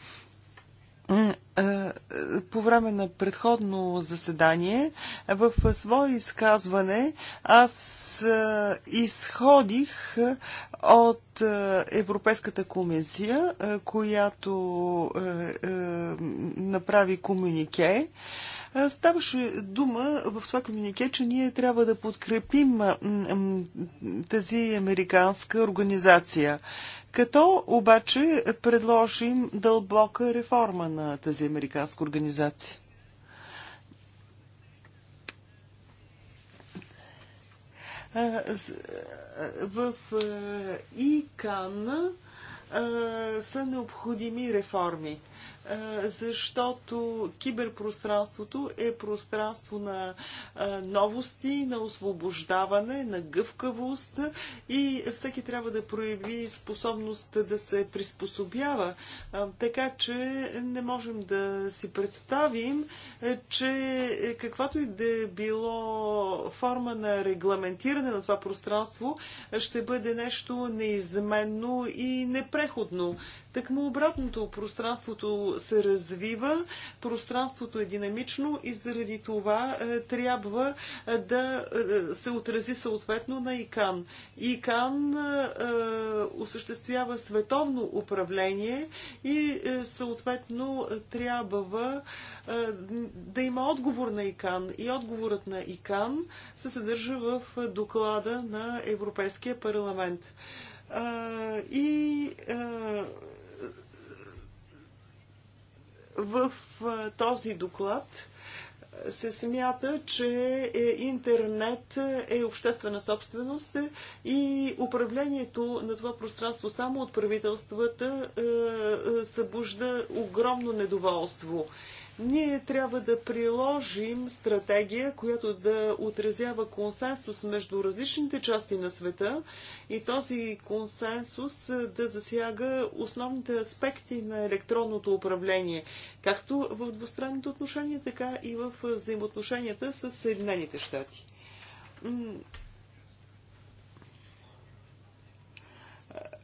по време на предходно заседание в свое изказване аз изходих от Европейската комисия, която направи комюнике. Ставаше дума в това комюнике, че ние трябва да подкрепим тази американска организация като обаче предложим дълбока реформа на тази американска организация. В ИКАН са необходими реформи защото киберпространството е пространство на новости, на освобождаване, на гъвкавост и всеки трябва да прояви способност да се приспособява. Така че не можем да си представим, е, че е, каквато и да е било форма на регламентиране на това пространство, ще бъде нещо неизменно и непреходно му обратното, пространството се развива, пространството е динамично и заради това е, трябва е, да е, се отрази съответно на ИКАН. ИКАН е, е, осъществява световно управление и е, съответно трябва да има отговор на ИКАН. И отговорът на ИКАН се съдържа в доклада на Европейския парламент. И в този доклад се смята, че е, интернет е обществена собственост и управлението на това пространство само от правителствата е, е, събужда огромно недоволство. Ние трябва да приложим стратегия, която да отразява консенсус между различните части на света и този консенсус е, да засяга основните аспекти на електронното управление, както в двустранните отношения, така и в взаимоотношенията с Съединените щати. Е,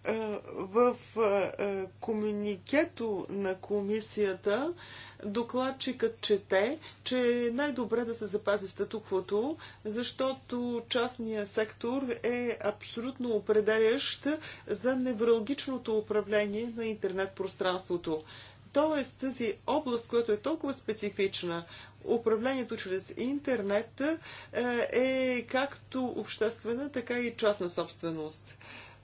е, в комуникето на комисията докладчикът чете, че е най-добре да се запази статуквото, защото частния сектор е абсолютно определящ за невралгичното управление на интернет пространството. Тоест тази област, която е толкова специфична, управлението чрез интернет е, е както обществена, така и частна собственост.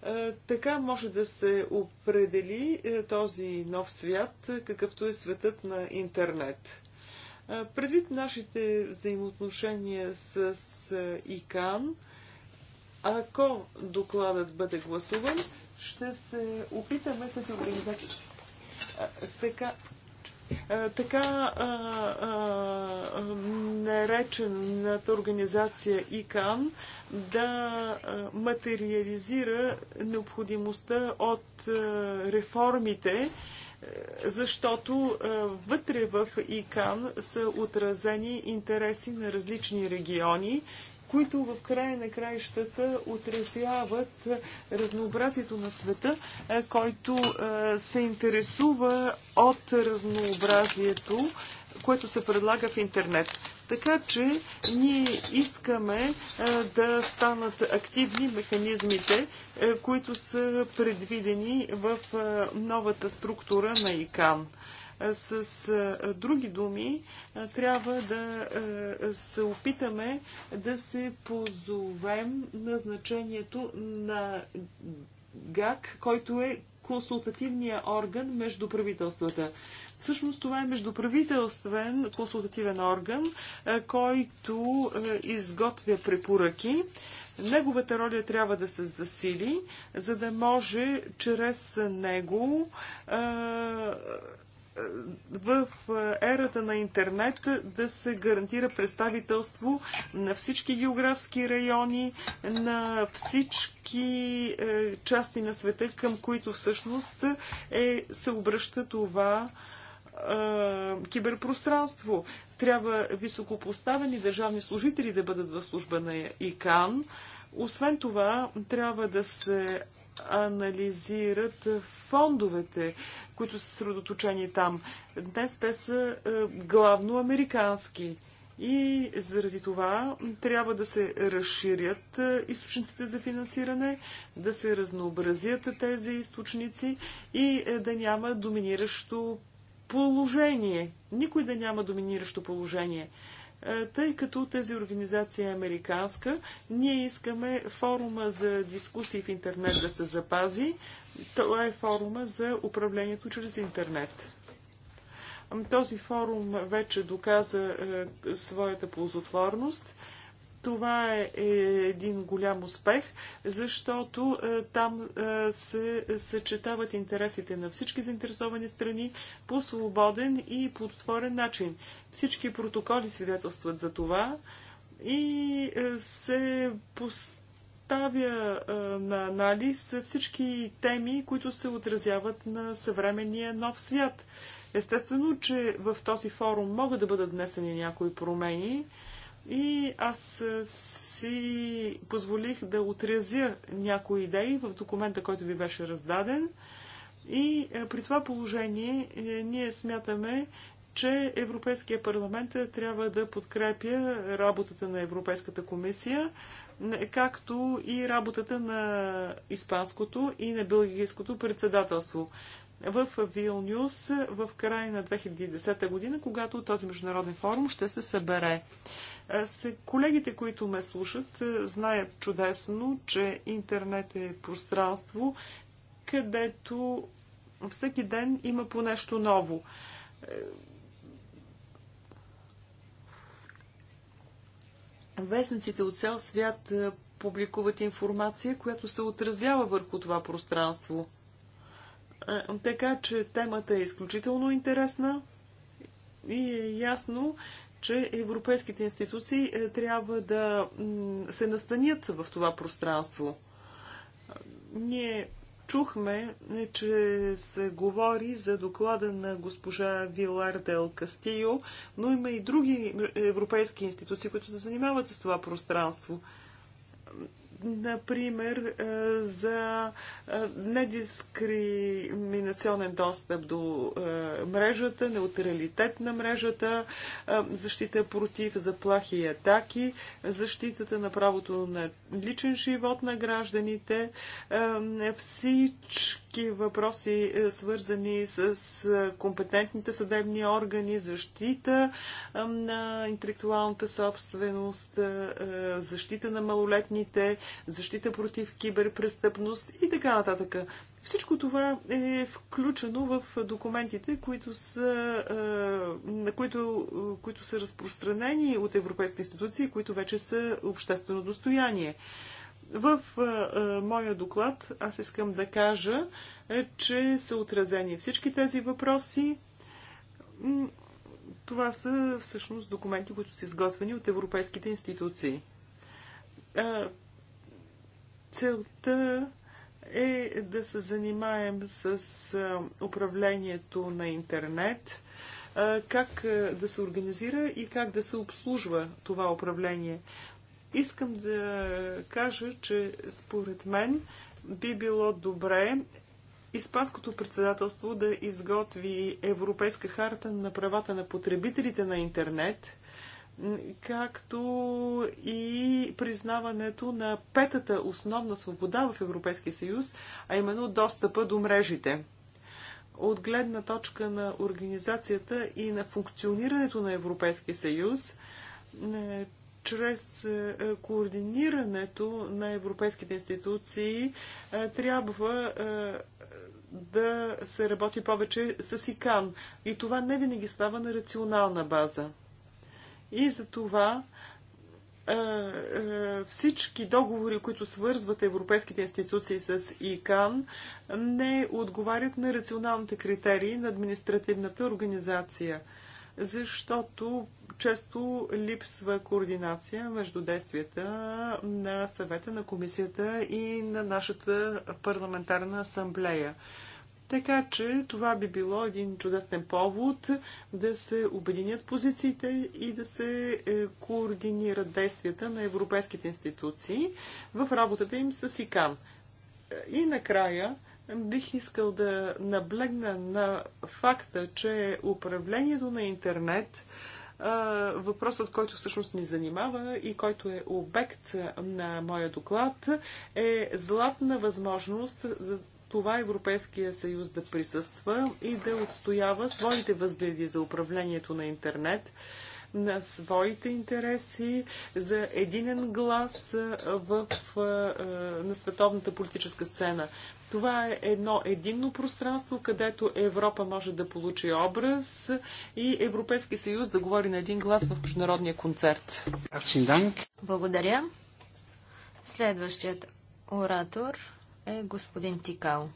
Е, така може да се определи е, този нов свят, е, какъвто е светът на интернет. Предвид нашите взаимоотношения с ИКАН, ако докладът бъде гласуван, ще се опитаме тези организация. Така, е, така наречената организация ИКАН да материализира необходимостта от реформите, е, защото вътре в ИКАН са отразени интереси на различни региони които в края на краищата отразяват разнообразието на света, е, който е, се интересува от разнообразието, което се предлага в интернет. Така че ние искаме е, да станат активни механизмите, които са предвидени в новата структура на ИКАН. С други думи, трябва да се опитаме да се позовем на значението на ГАК, който е консултативния орган между правителствата. Всъщност това е междуправителствен консултативен орган, който изготвя препоръки. Неговата роля трябва да се засили, за да може чрез него в ерата на интернет да се гарантира представителство на всички географски райони, на всички е, части на света, към които всъщност е, се обръща това е, киберпространство. Трябва високопоставени държавни служители да бъдат в служба на ИКАН. Освен това, трябва да се анализират фондовете, които са средоточени там. Днес те са е, главно американски. И заради това трябва да се разширят е, източниците за финансиране, да се разнообразят тези източници и е, да няма доминиращо положение. Никой да няма доминиращо положение. Е, тъй като тази организация е американска, ние искаме форума за дискусии в интернет да се запази. Това е форума за управлението чрез интернет. Този форум вече доказа е, своята ползотворност. Това е, е един голям успех, защото е, там е, се съчетават интересите на всички заинтересовани страни по свободен и отворен начин. Всички протоколи свидетелстват за това и се поставя на анализ всички теми, които се отразяват на съвременния нов свят. Естествено, че в този форум могат да бъдат внесени някои промени, и аз си позволих да отразя някои идеи в документа, който ви беше раздаден. И при това положение е, ние смятаме, че Европейския парламент е, трябва да подкрепя работата на Европейската комисия, както и работата на Испанското и на Белгийското председателство в Вилнюс в края на 2010 година, когато този международен форум ще се събере. Колегите, които ме слушат, знаят чудесно, че интернет е пространство, където всеки ден има по нещо ново. Вестниците от цял свят публикуват информация, която се отразява върху това пространство – така че темата е изключително интересна и е ясно, че европейските институции е, трябва да се настанят в това пространство. Ние чухме, е, че се говори за доклада на госпожа Вилар Дел Кастио, но има и други е, европейски институции, които се занимават с това пространство – например, е, за е, недискриминационен достъп до е, мрежата, неутралитет на мрежата, защита против заплахи и атаки, защитата на правото на личен живот на гражданите, всички въпроси свързани с компетентните съдебни органи, защита на интелектуалната собственост, защита на малолетните, защита против киберпрестъпност и така нататък. Всичко това е включено в документите, които са, е, на които, е, които са разпространени от европейски институции, които вече са обществено достояние. В а, е, моя доклад аз искам да кажа, е, че са отразени всички тези въпроси. Това са всъщност документи, които са изготвени от европейските институции. А, Целта е да се занимаем с управлението на интернет, как да се организира и как да се обслужва това управление. Искам да кажа, че според мен би било добре Испанското председателство да изготви Европейска харта на правата на потребителите на интернет – както и признаването на петата основна свобода в Европейския съюз, а именно достъпа до мрежите. От гледна точка на организацията и на функционирането на Европейския съюз, е, чрез е, координирането на европейските институции е, трябва да се работи повече с ИКАН. И това не винаги става на рационална база. И за това е, е, всички договори, които свързват европейските институции с ИКАН, не отговарят на рационалните критерии на административната организация, защото често липсва координация между действията на съвета, на комисията и на нашата парламентарна асамблея. Така че това би било един чудесен повод да се обединят позициите и да се е, координират действията на европейските институции в работата им с ИКАН. Е, и накрая бих искал да наблегна на факта, че управлението на интернет е, въпросът, който всъщност ни занимава и който е обект на моя доклад, е златна възможност за това Европейския съюз да присъства и да отстоява своите възгледи за управлението на интернет, на своите интереси, за единен глас в, на световната политическа сцена. Това е едно единно пространство, където Европа може да получи образ и Европейски съюз да говори
на един глас в международния концерт. Благодаря. Следващият оратор е господин Тикал.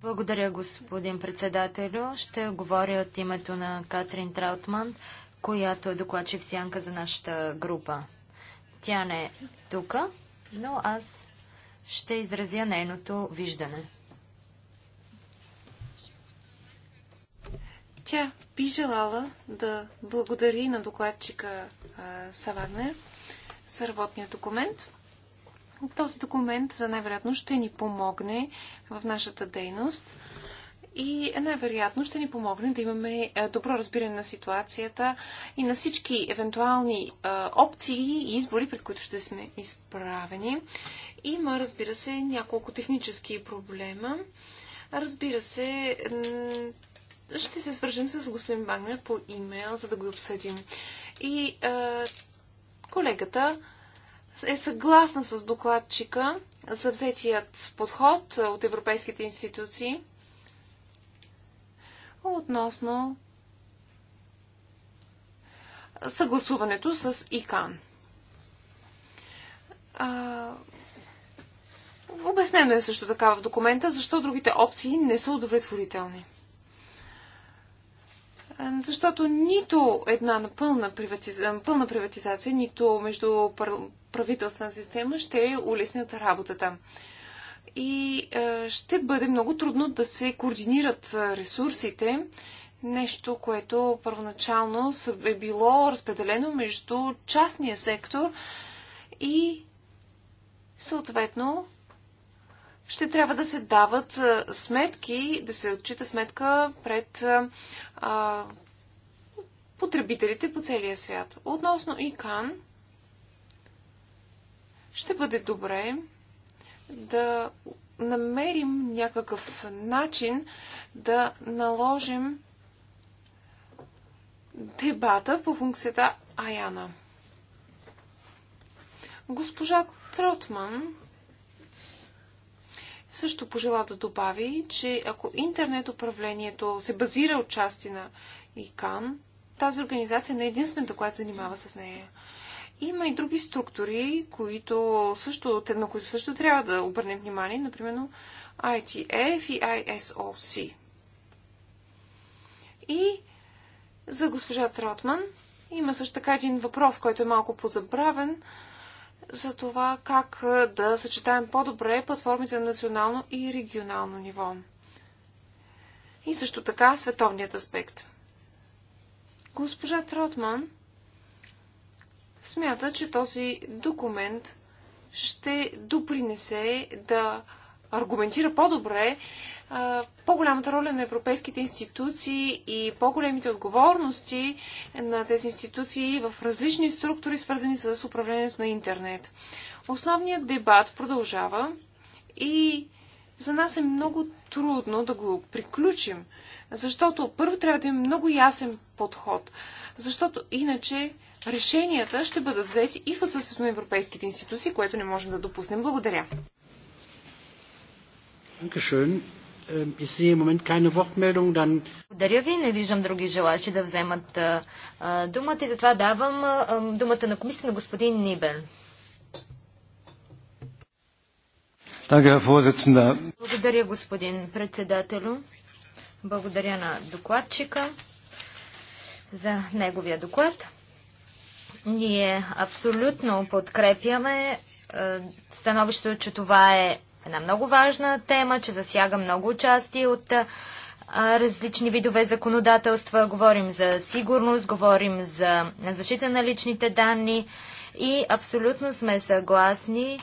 Благодаря, господин председателю. Ще говоря от името на Катрин Траутман, която е докладчик сянка за нашата група. Тя не е тук, но аз ще изразя нейното виждане.
Тя би желала да благодари на докладчика Савагнер са работния документ. Този документ за най-вероятно ще ни помогне в нашата дейност и най-вероятно ще ни помогне да имаме е, добро разбиране на ситуацията и на всички евентуални е, опции и избори, пред които ще сме изправени. Има, разбира се, няколко технически проблема. Разбира се, ще се свържем с господин Багнер по имейл, за да го обсъдим. И е, Колегата е съгласна с докладчика за взетият подход от европейските институции относно съгласуването с ИКАН. А... Обяснено е също така в документа, защо другите опции не са удовлетворителни. Защото нито една пълна, приватизация, пълна приватизация, нито между правителствена система ще улеснят работата. И ще бъде много трудно да се координират ресурсите, нещо, което първоначално е било разпределено между частния сектор и съответно ще трябва да се дават сметки, да се отчита сметка пред а, потребителите по целия свят. Относно ИКАН, ще бъде добре да намерим някакъв начин да наложим дебата по функцията Аяна. Госпожа Тротман също пожела да добави, че ако интернет управлението се базира от части на ИКАН, тази организация не е единствената, която занимава с нея. Има и други структури, които също, на които също трябва да обърнем внимание, например ITF и ISOC. И за госпожа Тротман има също така един въпрос, който е малко позабравен – за това как да съчетаем по-добре платформите на национално и регионално ниво. И също така световният аспект. Госпожа Тротман смята, че този документ ще допринесе да аргументира по-добре по-голямата роля на европейските институции и по-големите отговорности на тези институции в различни структури, свързани с управлението на интернет. Основният дебат продължава и за нас е много трудно да го приключим, защото първо трябва да има много ясен подход, защото иначе решенията ще бъдат взети и в отсъствието на европейските институции, което не можем да допуснем.
Благодаря. Ähm, Благодаря ви. Не виждам други желащи да вземат думата и затова давам думата на комисията на господин Нибен. Благодаря, господин председателю. Благодаря на докладчика за неговия доклад. Ние абсолютно подкрепяме становището, че това е една много важна тема, че засяга много участие от различни видове законодателства. Говорим за сигурност, говорим за защита на личните данни и абсолютно сме съгласни,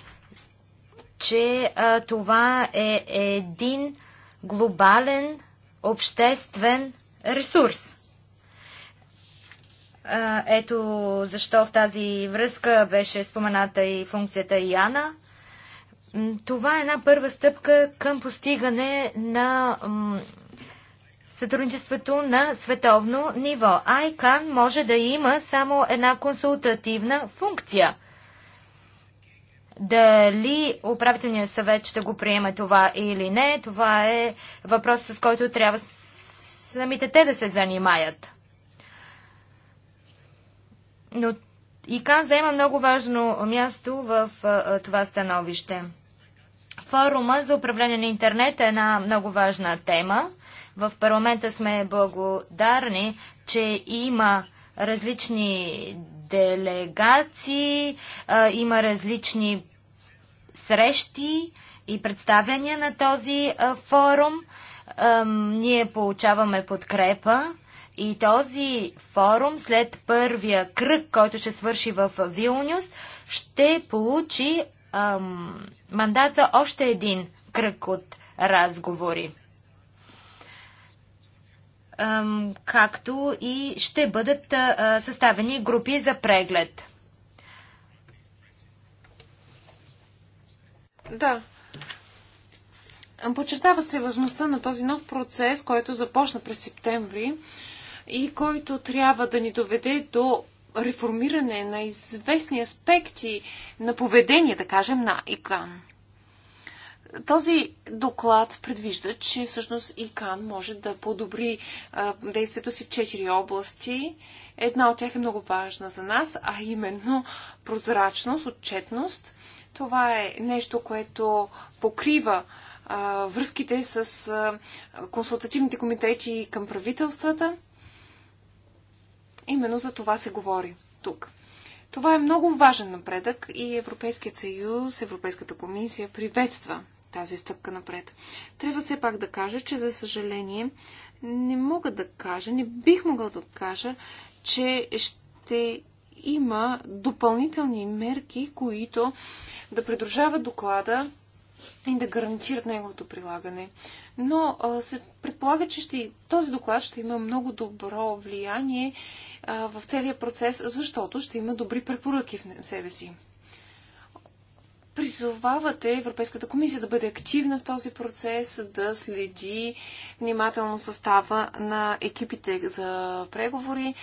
че а, това е един глобален обществен ресурс. А, ето защо в тази връзка беше спомената и функцията Яна – това е една първа стъпка към постигане на сътрудничеството на световно ниво. ICAN може да има само една консултативна функция. Дали управителният съвет ще го приеме това или не, това е въпрос, с който трябва самите те да се занимаят. Но и Кан заема много важно място в а, това становище. Форума за управление на интернет е една много важна тема. В парламента сме благодарни, че има различни делегации, а, има различни срещи и представяния на този а, форум. Ние получаваме подкрепа и този форум след първия кръг, който ще свърши в Вилнюс, ще получи ам, мандат за още един кръг от разговори. Ам, както и ще бъдат а, съставени групи за преглед.
Да. Подчертава се важността на този нов процес, който започна през септември и който трябва да ни доведе до реформиране на известни аспекти на поведение, да кажем, на ИКАН. Този доклад предвижда, че всъщност ИКАН може да подобри действието си в четири области. Една от тях е много важна за нас, а именно прозрачност, отчетност. Това е нещо, което покрива връзките с консултативните комитети към правителствата Именно за това се говори тук. Това е много важен напредък и Европейският съюз, Европейската комисия приветства тази стъпка напред. Трябва все пак да кажа, че за съжаление не мога да кажа, не бих могъл да кажа, че ще има допълнителни мерки, които да придружават доклада и да гарантират неговото прилагане. Но а, се предполага, че ще, този доклад ще има много добро влияние а, в целия процес, защото ще има добри препоръки в себе си. Призовавате Европейската комисия да бъде активна в този процес, да следи внимателно състава на екипите за преговори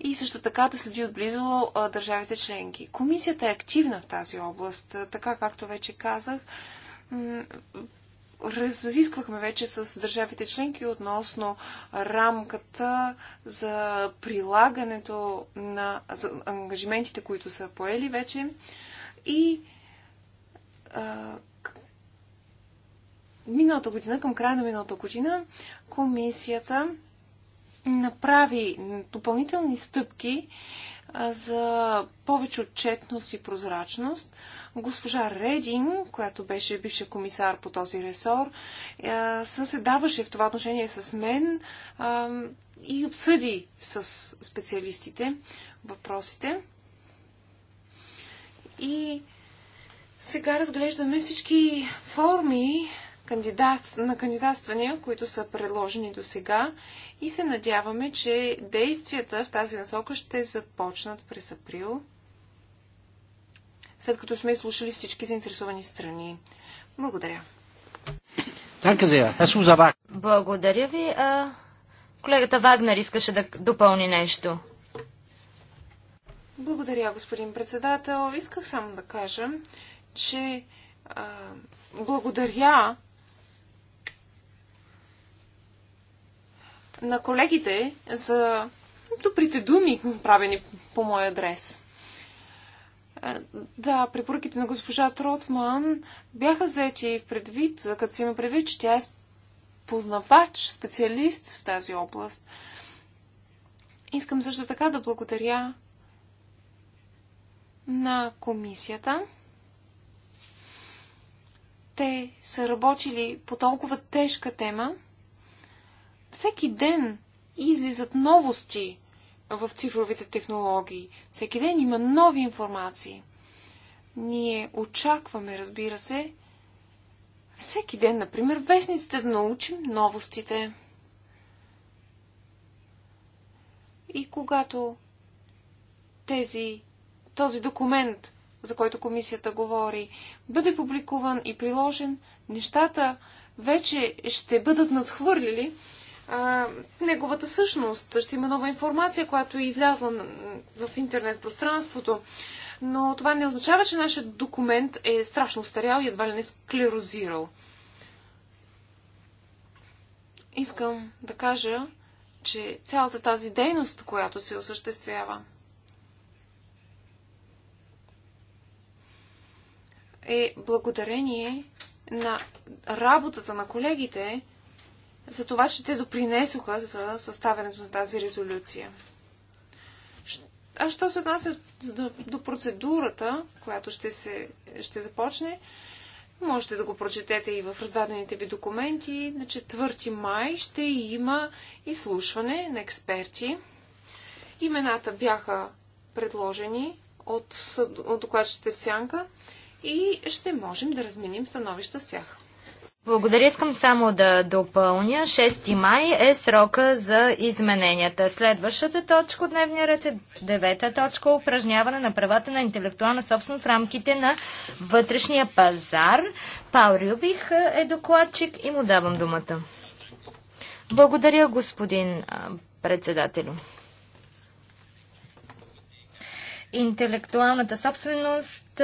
и също така да следи отблизо държавите членки. Комисията е активна в тази област, така както вече казах разисквахме вече с държавите членки относно рамката за прилагането на за ангажиментите, които са поели вече и а, миналата година, към края на миналата година, комисията направи допълнителни стъпки за повече отчетност и прозрачност. Госпожа Редин, която беше бивша комисар по този ресор, съседаваше в това отношение с мен и обсъди с специалистите въпросите. И сега разглеждаме всички форми кандидат, на кандидатствания, които са предложени до сега и се надяваме, че действията в тази насока ще започнат през април, след като сме слушали всички заинтересовани страни.
Благодаря. Благодаря ви. Колегата Вагнер искаше да допълни нещо.
Благодаря, господин председател. Исках само да кажа, че а, благодаря на колегите за добрите думи, правени по мой адрес. Е, да, препоръките на госпожа Тротман бяха взети в предвид, като си има предвид, че тя е познавач, специалист в тази област. Искам също така да благодаря на комисията. Те са работили по толкова тежка тема, всеки ден излизат новости в цифровите технологии. Всеки ден има нови информации. Ние очакваме, разбира се, всеки ден, например, вестниците да научим новостите. И когато тези, този документ, за който комисията говори, бъде публикуван и приложен, нещата вече ще бъдат надхвърлили а, неговата същност. Ще има нова информация, която е излязла в интернет пространството. Но това не означава, че нашият документ е страшно старял и едва ли не склерозирал. Искам да кажа, че цялата тази дейност, която се осъществява, е благодарение на работата на колегите, за това ще те допринесоха за съставянето на тази резолюция. А що се отнася до процедурата, която ще, се, ще започне, можете да го прочетете и в раздадените ви документи. На 4 май ще има изслушване на експерти. Имената бяха предложени от, от докладчите в Сянка и ще можем да разменим становища с тях.
Благодаря. Искам само да допълня. 6 май е срока за измененията. Следващата точка от дневния ред е девета точка упражняване на правата на интелектуална собственост в рамките на вътрешния пазар. Пау Рюбих е докладчик и му давам думата. Благодаря, господин председателю. Интелектуалната собственост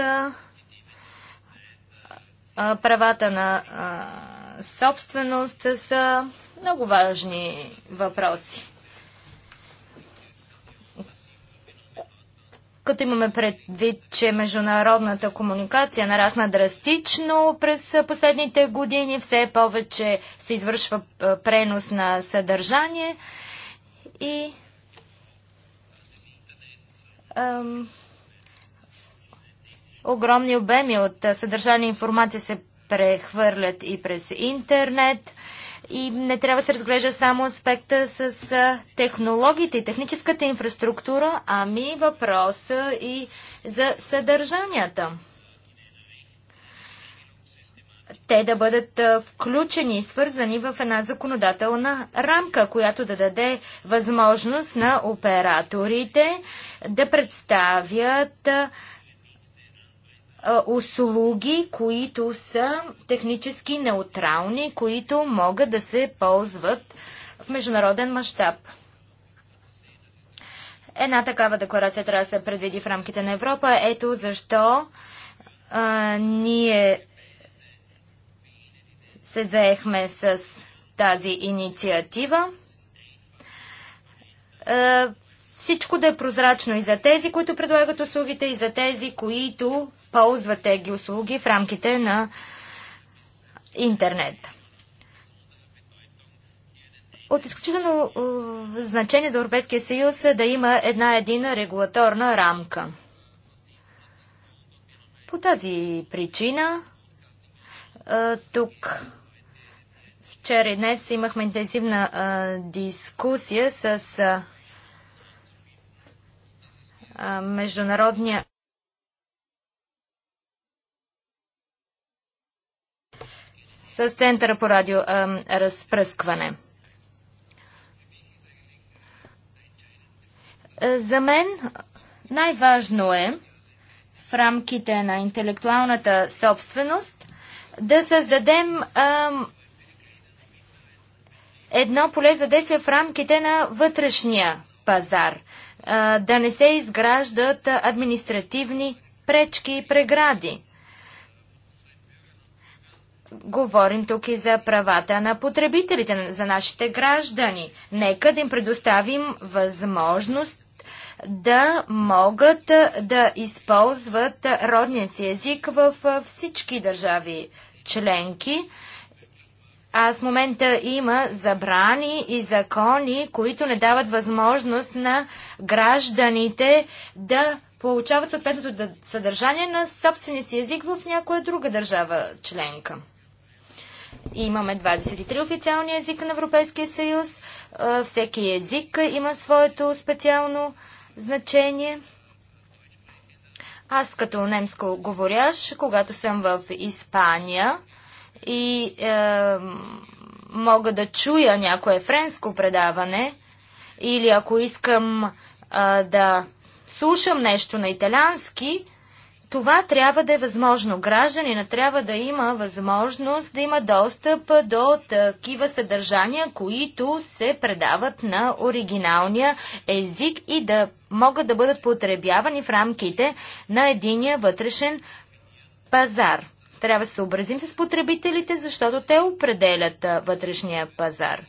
правата на собственост са много важни въпроси. Като имаме предвид, че международната комуникация нарасна драстично през последните години, все повече се извършва пренос на съдържание и ам, Огромни обеми от съдържание информация се прехвърлят и през интернет. И не трябва да се разглежда само аспекта с технологиите и техническата инфраструктура, ами въпроса и за съдържанията. Те да бъдат включени и свързани в една законодателна рамка, която да даде възможност на операторите да представят услуги, които са технически неутрални, които могат да се ползват в международен мащаб. Една такава декларация трябва да се предвиди в рамките на Европа. Ето защо а, ние се заехме с тази инициатива. А, всичко да е прозрачно и за тези, които предлагат услугите, и за тези, които ползват тези услуги в рамките на интернет. От изключително е, значение за Европейския съюз е да има една едина регулаторна рамка. По тази причина е, тук вчера и днес имахме интензивна е, дискусия с международния с Центъра по радиоразпръскване. Е, за мен най-важно е в рамките на интелектуалната собственост да създадем ам, едно поле за действие в рамките на вътрешния пазар. А, да не се изграждат административни пречки и прегради. Говорим тук и за правата на потребителите, за нашите граждани. Нека да им предоставим възможност да могат да използват родния си език в всички държави членки. А с момента има забрани и закони, които не дават възможност на гражданите да получават съответното съдържание на собствения си език в някоя друга държава членка. Имаме 23 официални езика на Европейския съюз. Всеки език има своето специално значение. Аз като немско говоряш, когато съм в Испания и е, мога да чуя някое френско предаване, или ако искам е, да слушам нещо на италянски, това трябва да е възможно. Гражданина трябва да има възможност да има достъп до такива съдържания, които се предават на оригиналния език и да могат да бъдат потребявани в рамките на единия вътрешен пазар. Трябва да се образим с потребителите, защото те определят вътрешния пазар.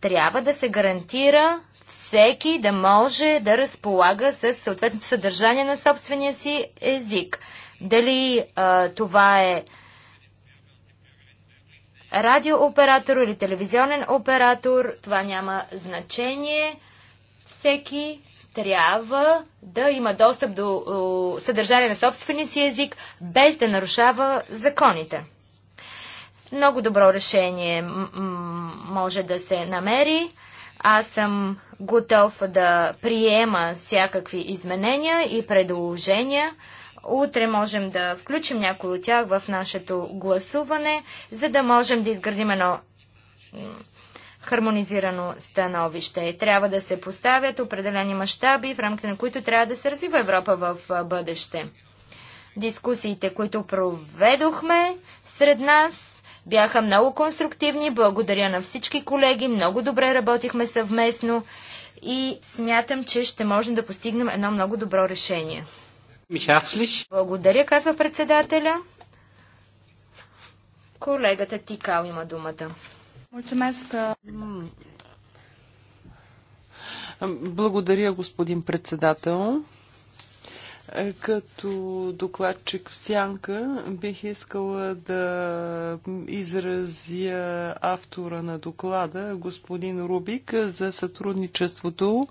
Трябва да се гарантира всеки да може да разполага с съответното съдържание на собствения си език. Дали а, това е радиооператор или телевизионен оператор, това няма значение. Всеки трябва да има достъп до о, съдържание на собствения си език, без да нарушава законите. Много добро решение може да се намери. Аз съм готов да приема всякакви изменения и предложения. Утре можем да включим някои от тях в нашето гласуване, за да можем да изградим едно хармонизирано становище. Трябва да се поставят определени мащаби, в рамките на които трябва да се развива Европа в бъдеще. Дискусиите, които проведохме сред нас, бяха много конструктивни. Благодаря на всички колеги. Много добре работихме съвместно и смятам, че ще можем да постигнем едно много добро решение. Благодаря, казва председателя. Колегата Тикал има думата.
Благодаря, господин председател. Като докладчик в сянка бих искала да изразя автора на доклада, господин Рубик, за сътрудничеството,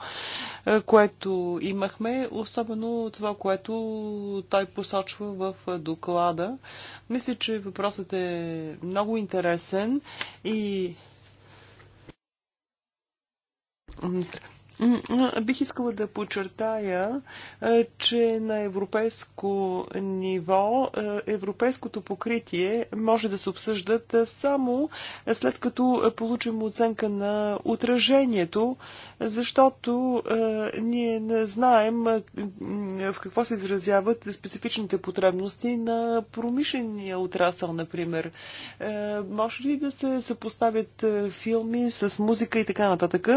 е, което имахме, особено това, което той посочва в доклада. Мисля, че въпросът е много интересен и Бих искала да подчертая, че на европейско ниво европейското покритие може да се обсъждат само след като получим оценка на отражението, защото ние не знаем в какво се изразяват специфичните потребности на промишления отрасъл, например. Може ли да се съпоставят филми с музика и така нататък?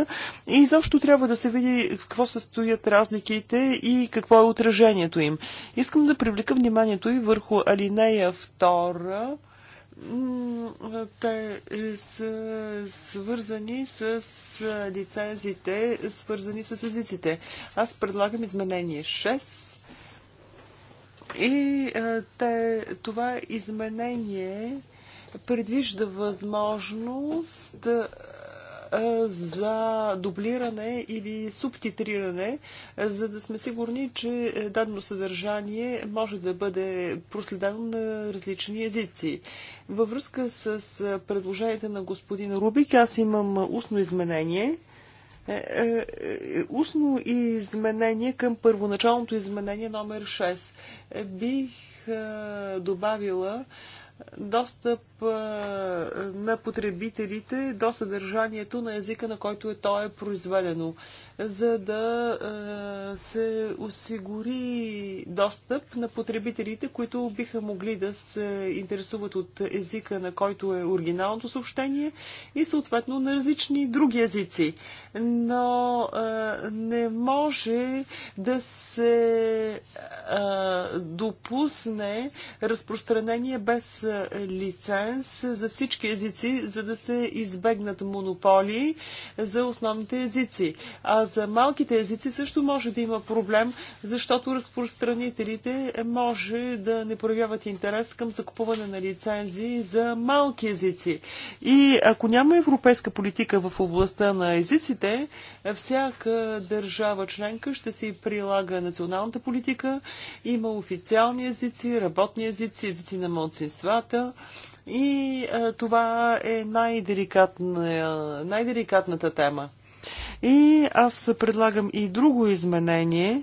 И изобщо трябва да да се види какво състоят разликите и какво е отражението им. Искам да привлека вниманието и върху алинея 2 те са свързани с лицензите, свързани с езиците. Аз предлагам изменение 6 и те, това изменение предвижда възможност за дублиране или субтитриране, за да сме сигурни, че дадено съдържание може да бъде проследено на различни езици. Във връзка с предложенията на господин Рубик, аз имам устно изменение е, е, е, устно изменение към първоначалното изменение номер 6. Бих добавила достъп е, на потребителите до съдържанието на езика, на който е то е произведено, за да е, се осигури достъп на потребителите, които биха могли да се интересуват от езика, на който е оригиналното съобщение и съответно на различни други езици. Но е, не може да се допусне разпространение без лице лиценз за всички езици, за да се избегнат монополи за основните езици. А за малките езици също може да има проблем, защото разпространителите може да не проявяват интерес към закупуване на лицензии за малки езици. И ако няма европейска политика в областта на езиците, всяка държава членка ще си прилага националната политика. Има официални езици, работни езици, езици на младсинствата. И а, е, това е най-деликатна, най-деликатната тема. И аз предлагам и друго изменение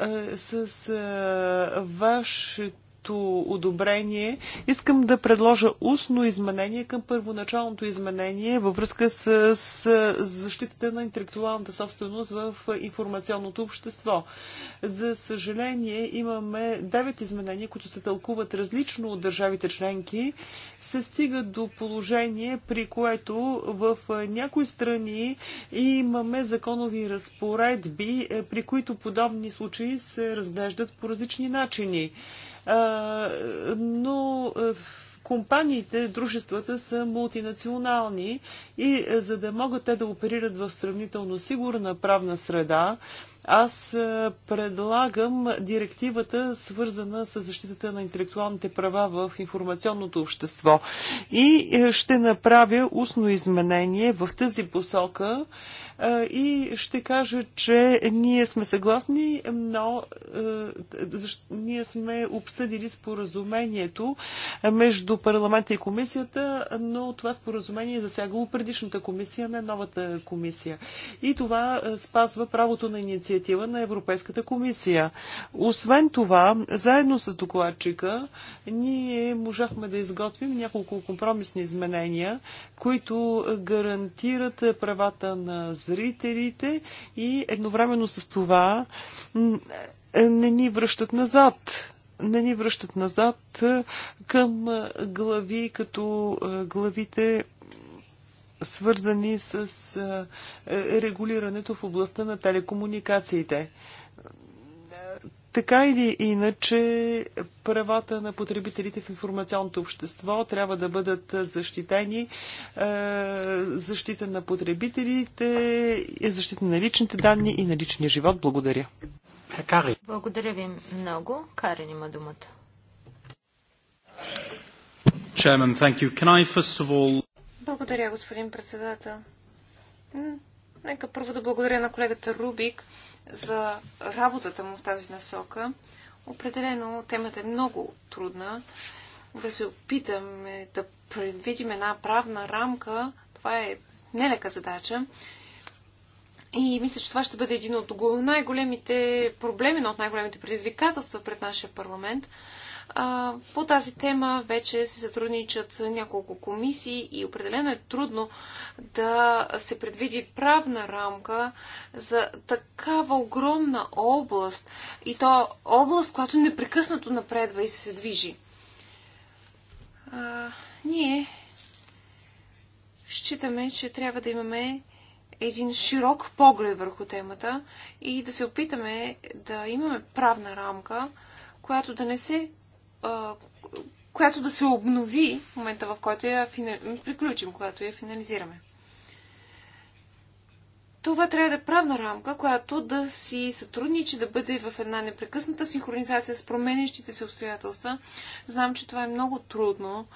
а, е, с а, е, вашето моето одобрение, искам да предложа устно изменение към първоначалното изменение във връзка с, с защитата на интелектуалната собственост в информационното общество. За съжаление, имаме девет изменения, които се тълкуват различно от държавите членки, се стига до положение, при което в някои страни имаме законови разпоредби, при които подобни случаи се разглеждат по различни начини но компаниите, дружествата са мултинационални и за да могат те да оперират в сравнително сигурна правна среда, аз предлагам директивата, свързана с защитата на интелектуалните права в информационното общество. И ще направя устно изменение в тази посока, и ще кажа, че ние сме съгласни, но ние сме обсъдили споразумението между парламента и комисията, но това споразумение засягало предишната комисия, не новата комисия. И това спазва правото на инициатива на Европейската комисия. Освен това, заедно с докладчика, ние можахме да изготвим няколко компромисни изменения, които гарантират правата на зрителите и едновременно с това е, не ни връщат назад не ни връщат назад е, към е, глави, като главите свързани с регулирането в областта на телекомуникациите. Така или иначе, правата на потребителите в информационното общество трябва да бъдат защитени. Е, защита на потребителите, защита на личните данни и на личния живот. Благодаря.
Благодаря ви много. Карен има думата. Благодаря, господин председател.
Нека първо да благодаря на колегата Рубик за работата му в тази насока. Определено темата е много трудна. Да се опитаме да предвидим една правна рамка, това е нелека задача. И мисля, че това ще бъде един от най-големите проблеми, но от най-големите предизвикателства пред нашия парламент. По тази тема вече се сътрудничат няколко комисии и определено е трудно да се предвиди правна рамка за такава огромна област и то област, която непрекъснато напредва и се движи. А, ние считаме, че трябва да имаме един широк поглед върху темата и да се опитаме да имаме правна рамка, която да не се която да се обнови в момента, в който я приключим, когато я финализираме. Това трябва да е правна рамка, която да си сътрудничи, да бъде в една непрекъсната синхронизация с променящите се обстоятелства. Знам, че това е много трудно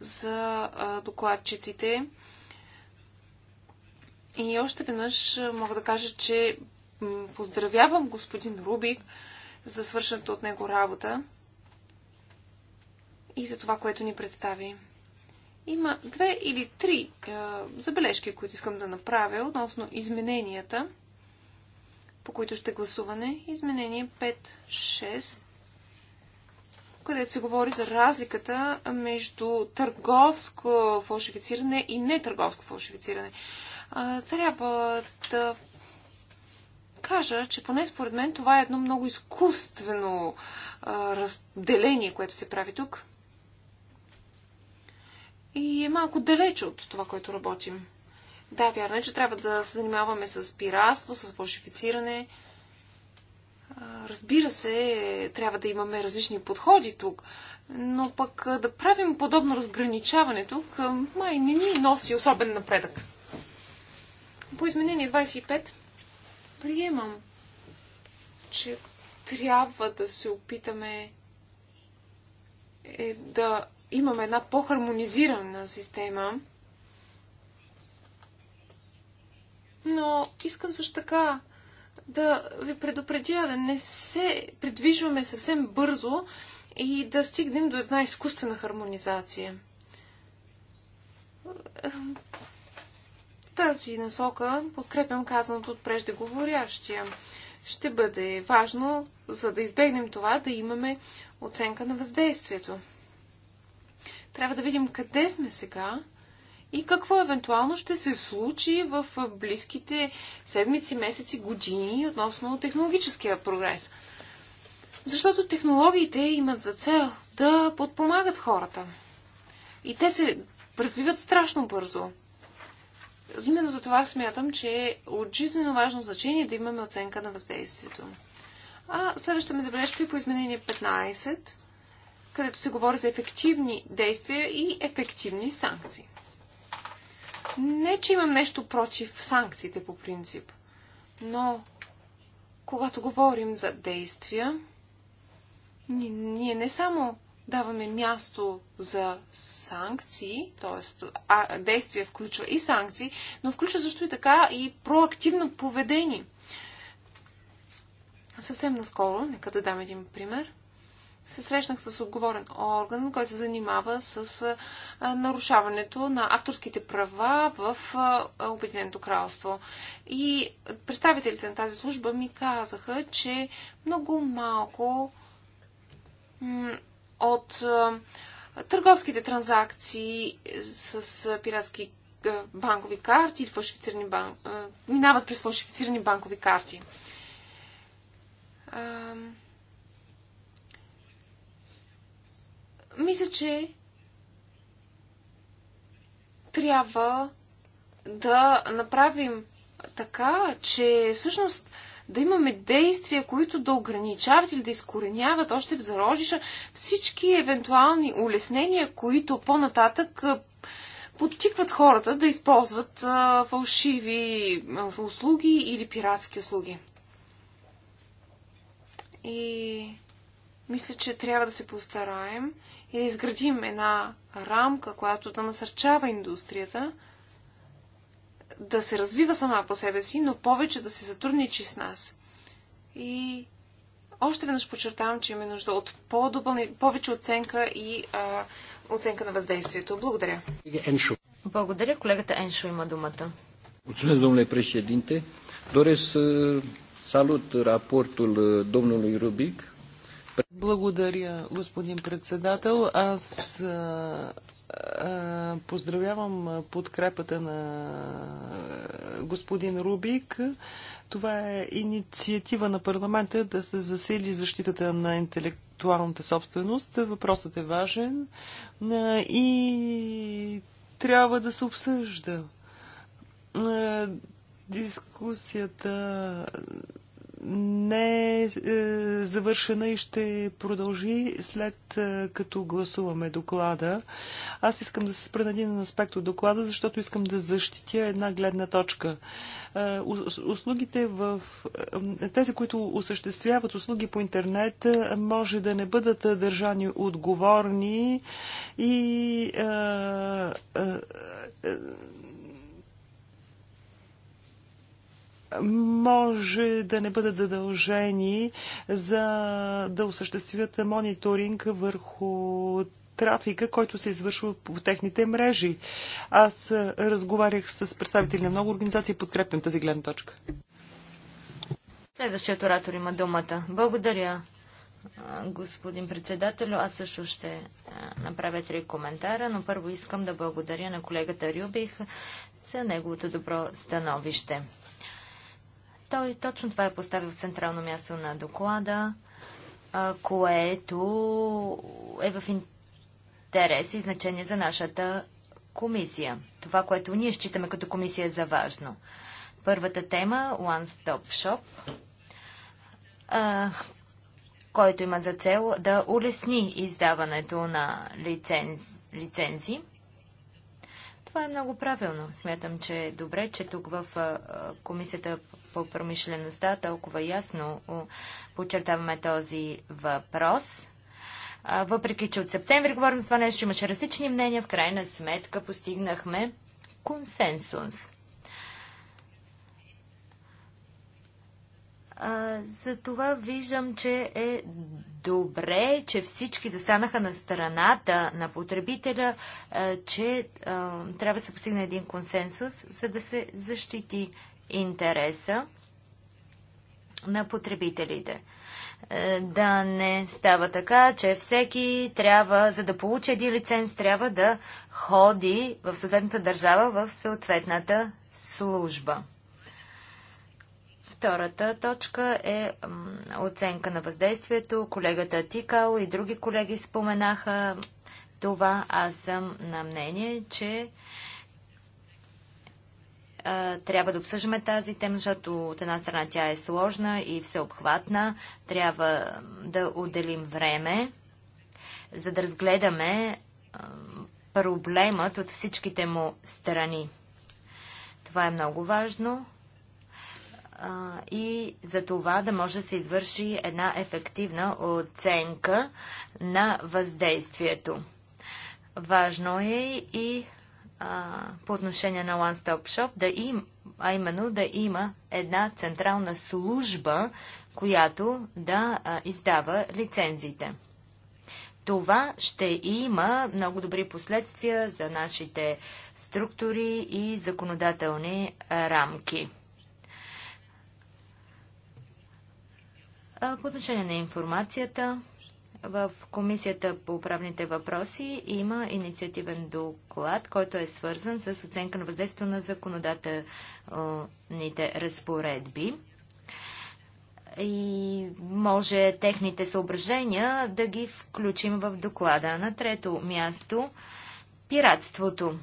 за докладчиците. И още веднъж мога да кажа, че поздравявам господин Рубик за свършената от него работа и за това, което ни представи. Има две или три е, забележки, които искам да направя относно измененията, по които ще гласуване. Изменение 5-6, където се говори за разликата между търговско фалшифициране и нетърговско фалшифициране. Е, трябва да кажа, че поне според мен това е едно много изкуствено е, разделение, което се прави тук и е малко далеч от това, което работим. Да, вярно е, че трябва да се занимаваме с пиратство, с фалшифициране. Разбира се, трябва да имаме различни подходи тук, но пък да правим подобно разграничаване тук, май не ни носи особен напредък. По изменение 25 приемам, че трябва да се опитаме е да имаме една по-хармонизирана система. Но искам също така да ви предупредя да не се придвижваме съвсем бързо и да стигнем до една изкуствена хармонизация. Тази насока подкрепям казаното от преждеговорящия. Ще бъде важно, за да избегнем това, да имаме оценка на въздействието. Трябва да видим къде сме сега и какво евентуално ще се случи в близките седмици, месеци, години относно технологическия прогрес. Защото технологиите имат за цел да подпомагат хората. И те се развиват страшно бързо. Именно за това смятам, че е от жизненно важно значение да имаме оценка на въздействието. А следващата ми забележка е по изменение 15 където се говори за ефективни действия и ефективни санкции. Не, че имам нещо против санкциите по принцип, но когато говорим за действия, ние не само даваме място за санкции, т.е. действие включва и санкции, но включва също и така и проактивно поведение. Съвсем наскоро, нека да дам един пример, се срещнах с отговорен орган, който се занимава с нарушаването на авторските права в Обединеното кралство. И представителите на тази служба ми казаха, че много малко от търговските транзакции с пиратски банкови карти или фалшифицирани бан... минават през фалшифицирани банкови карти. Мисля, че трябва да направим така, че всъщност да имаме действия, които да ограничават или да изкореняват още в зародиша всички евентуални улеснения, които по-нататък подтикват хората да използват фалшиви услуги или пиратски услуги. И мисля, че трябва да се постараем и да изградим една рамка, която да насърчава индустрията да се развива сама по себе си, но повече да се сътрудничи с нас. И още веднъж подчертавам, че имаме нужда от по повече оценка и а,
оценка на въздействието. Благодаря. Благодаря. Колегата Еншо има думата.
Mulțumesc, domnule președinte. Doresc să salut raportul э, domnului Rubic благодаря, господин председател. Аз а, а, поздравявам подкрепата на господин Рубик. Това е инициатива на парламента да се засили защитата на интелектуалната собственост. Въпросът е важен и трябва да се обсъжда. Дискусията не е, е завършена и ще продължи след е, като гласуваме доклада. Аз искам да се спра на един аспект от доклада, защото искам да защитя една гледна точка. Е, услугите в... Тези, които осъществяват услуги по интернет, може да не бъдат държани отговорни и може да не бъдат задължени за да осъществят мониторинг върху трафика, който се извършва по техните мрежи. Аз разговарях с представители на много организации и подкрепям тази гледна точка.
Следващият оратор има думата. Благодаря, господин председател. Аз също ще направя три коментара, но първо искам да благодаря на колегата Рюбих за неговото добро становище. Той точно това е поставил в централно място на доклада, което е в интерес и значение за нашата комисия. Това, което ние считаме като комисия е за важно. Първата тема One Stop Shop, който има за цел да улесни издаването на лиценз, лицензи. Това е много правилно. Смятам, че е добре, че тук в Комисията по промишлеността толкова ясно подчертаваме този въпрос. Въпреки, че от септември говорим за това нещо, имаше различни мнения, в крайна сметка постигнахме консенсус. За това виждам, че е добре, че всички застанаха на страната на потребителя, е, че е, трябва да се постигне един консенсус, за да се защити интереса на потребителите. Е, да не става така, че всеки трябва, за да получи един лиценз, трябва да ходи в съответната държава, в съответната служба. Втората точка е оценка на въздействието. Колегата Тикал и други колеги споменаха това. Аз съм на мнение, че трябва да обсъждаме тази тема, защото от една страна тя е сложна и всеобхватна. Трябва да отделим време, за да разгледаме проблемът от всичките му страни. Това е много важно а, и за това да може да се извърши една ефективна оценка на въздействието. Важно е и а, по отношение на One Stop Shop да им, а именно да има една централна служба, която да а, издава лицензите. Това ще има много добри последствия за нашите структури и законодателни рамки. По отношение на информацията, в Комисията по правните въпроси има инициативен доклад, който е свързан с оценка на въздействието на законодателните разпоредби. И може техните съображения да ги включим в доклада. На трето място пиратството.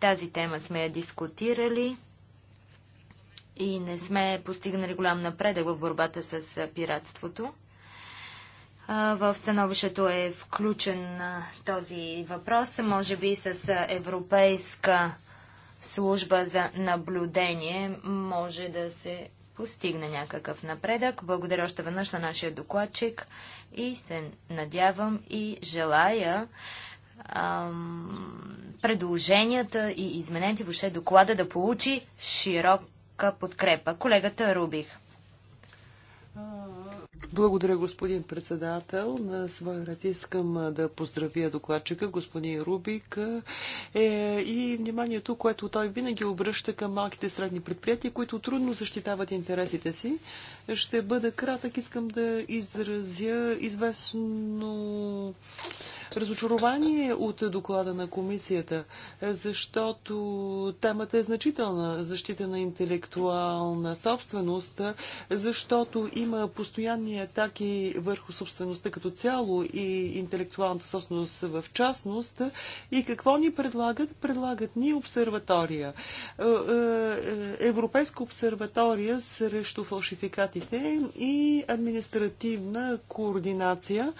Тази тема сме я дискутирали и не сме постигнали голям напредък в борбата с пиратството. В становището е включен този въпрос, може би с Европейска служба за наблюдение може да се постигне някакъв напредък. Благодаря още веднъж на нашия докладчик и се надявам и желая ам, предложенията и изменените въобще доклада да получи широк широка подкрепа. Колегата Рубих.
Благодаря, господин председател. На своя ред искам да поздравя докладчика, господин Рубик, е, и вниманието, което той винаги обръща към малките и средни предприятия, които трудно защитават интересите си. Ще бъда кратък, искам да изразя известно разочарование е от доклада на комисията, защото темата е значителна. Защита на интелектуална собственост, защото има постоянни атаки върху собствеността като цяло и интелектуалната собственост в частност. И какво ни предлагат? Предлагат ни обсерватория. Е, е, Европейска обсерватория срещу фалшификатите и административна координация.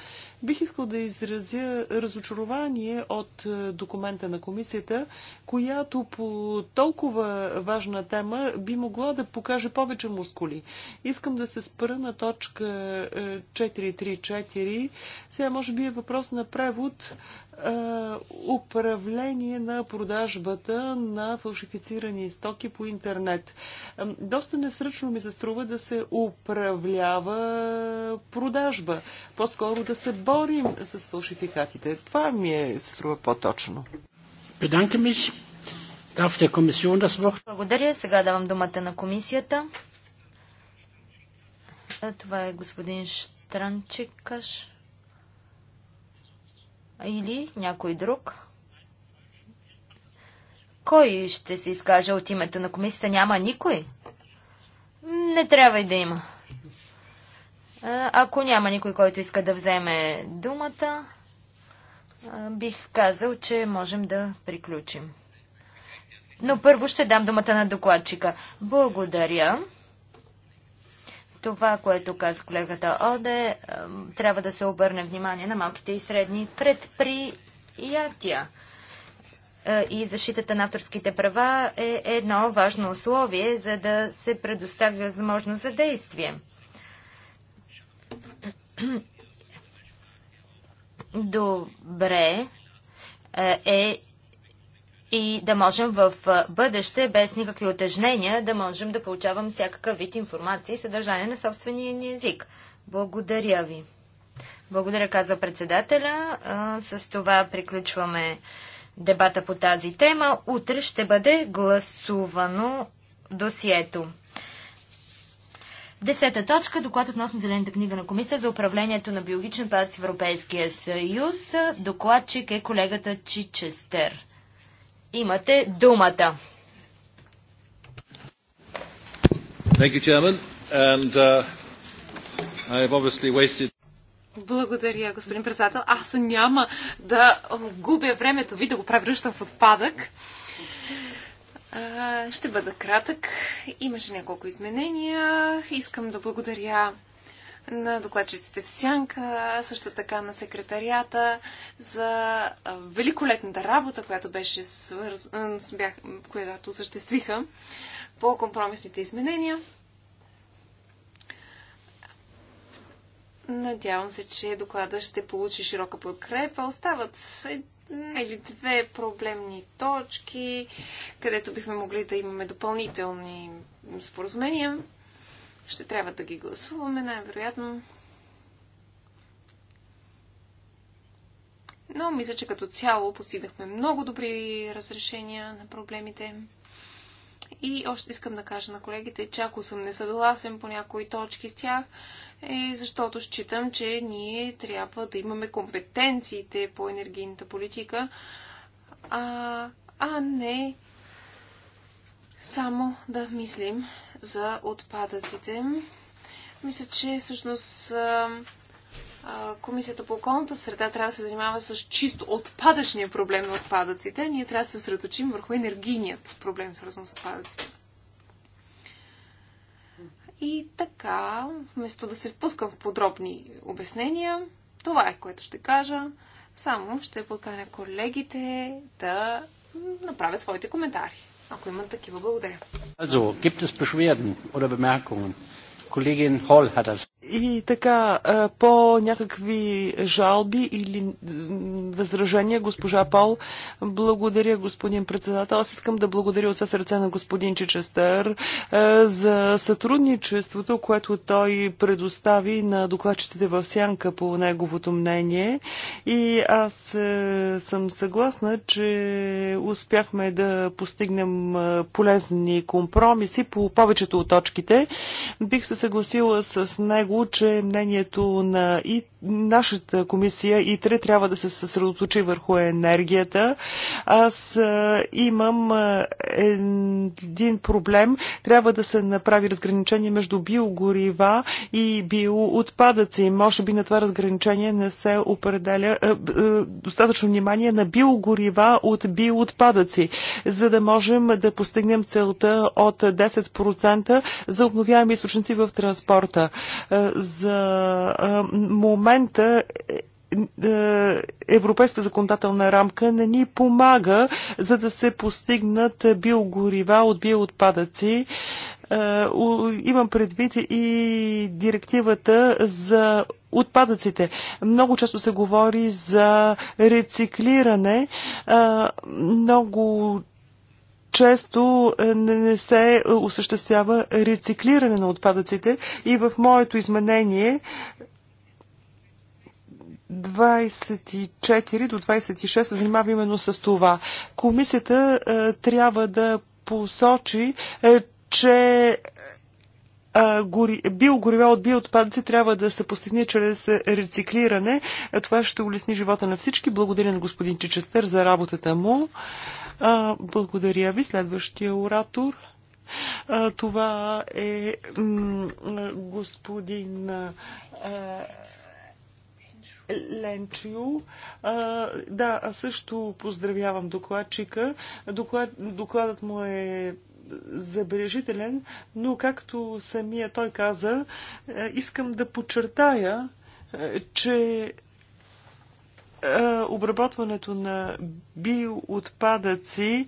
Бих искал да изразя разочарование от е, документа на комисията, която по толкова важна тема би могла да покаже повече мускули. Искам да се спра на точка 434. Е, Сега може би е въпрос на превод. Е, управление на продажбата на фалшифицирани стоки по интернет. Е, доста несръчно ми се струва да се управлява продажба. По-скоро да се борим с фалшификатите. Това ми е струва по-точно.
Благодаря. Сега давам думата на комисията. Е, това е господин Штранчикаш или някой друг? Кой ще се изкаже от името на комисията? Няма никой. Не трябва и да има. Ако няма никой, който иска да вземе думата, бих казал, че можем да приключим. Но първо ще дам думата на докладчика. Благодаря. Това, което каза колегата Оде, е, трябва да се обърне внимание на малките и средни предприятия. Е, и защитата на авторските права е едно важно условие, за да се предостави възможност за действие. Добре е, е и да можем в бъдеще, без никакви отежнения, да можем да получавам всякакъв вид информация и съдържание на собствения ни език. Благодаря ви. Благодаря, казва председателя. С това приключваме дебата по тази тема. Утре ще бъде гласувано досието. Десета точка. Доклад относно Зелената книга на Комисия за управлението на биологични отпадъци в Европейския съюз. Докладчик е колегата Чичестер. Имате думата.
Uh,
благодаря, господин председател. Аз няма да губя времето ви да го превръщам в отпадък. Ще бъда кратък. Имаше няколко изменения. Искам да благодаря на докладчиците в Сянка, също така на секретарията за великолепната работа, която беше свърз... бях... която съществиха по компромисните изменения. Надявам се, че доклада ще получи широка подкрепа. Остават или две проблемни точки, където бихме могли да имаме допълнителни споразумения. Ще трябва да ги гласуваме, най-вероятно. Но мисля, че като цяло постигнахме много добри разрешения на проблемите. И още искам да кажа на колегите, че ако съм несъгласен по някои точки с тях, е защото считам, че ние трябва да имаме компетенциите по енергийната политика, а, а не само да мислим за отпадъците. Мисля, че всъщност Комисията по околната среда трябва да се занимава с чисто отпадъчния проблем на отпадъците. Ние трябва да се средочим върху енергийният проблем, свързан с отпадъците. И така, вместо да се впускам в подробни обяснения, това е което ще кажа. Само ще подканя колегите да направят своите коментари ако има такива. Благодаря. Also, gibt es Beschwerden oder Bemerkungen? Kollegin Hall hat das. И
така, по някакви жалби или възражения, госпожа Пол, благодаря, господин председател. Аз искам да благодаря от със сърце на господин Чичестър за сътрудничеството, което той предостави на докладчетите в сянка по неговото мнение. И аз съм съгласна, че успяхме да постигнем полезни компромиси по повечето от точките. Бих се съгласила с него че мнението на и нашата комисия ИТРЕ трябва да се съсредоточи върху енергията. Аз имам един проблем. Трябва да се направи разграничение между биогорива и биоотпадъци. Може би на това разграничение не се определя достатъчно внимание на биогорива от биоотпадъци, за да можем да постигнем целта от 10% за обновяеми източници в транспорта за момента е, е, европейската законодателна рамка не ни помага, за да се постигнат биогорива от биоотпадъци. Е, имам предвид и директивата за отпадъците. Много често се говори за рециклиране. Много често е, не се е, осъществява рециклиране на отпадъците и в моето изменение 24 до 26 се занимава именно с това. Комисията е, трябва да посочи, е, че е, биогорива от биоотпадъци трябва да се постигне чрез рециклиране. Това ще улесни живота на всички. Благодаря на господин Чичестър за работата му. Благодаря ви. Следващия оратор. Това е господин Ленчио. А, да, аз също поздравявам докладчика. Доклад, докладът му е забележителен, но както самия той каза, искам да подчертая, че е, обработването на биоотпадъци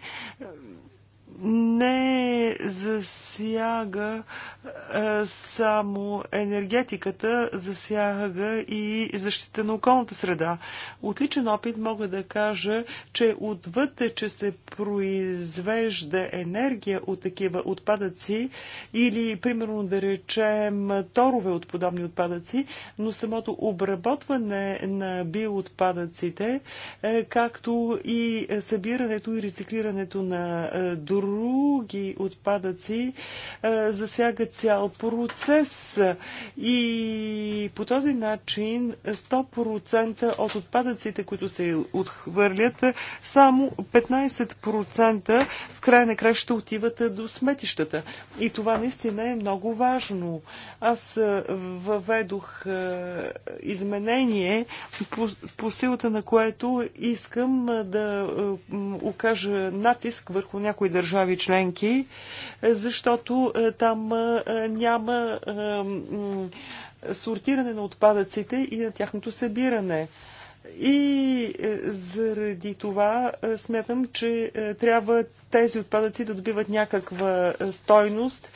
не засяга е, само енергетиката засяга и защита на околната среда. Отличен опит мога да кажа, че отвъд е, че се произвежда енергия от такива отпадъци или, примерно, да речем, торове от подобни отпадъци, но самото обработване на биоотпадъците, е, както и събирането и рециклирането на е, други отпадъци, засягат цял процес и по този начин 100% от отпадъците, които се отхвърлят, само 15% в край на краща отиват до сметищата. И това наистина е много важно. Аз въведох е, изменение по, по силата на което искам е, да е, окажа натиск върху някои държави членки, защото там няма сортиране на отпадъците и на тяхното събиране. И е, заради това смятам, че е, трябва тези отпадъци да добиват някаква е, стойност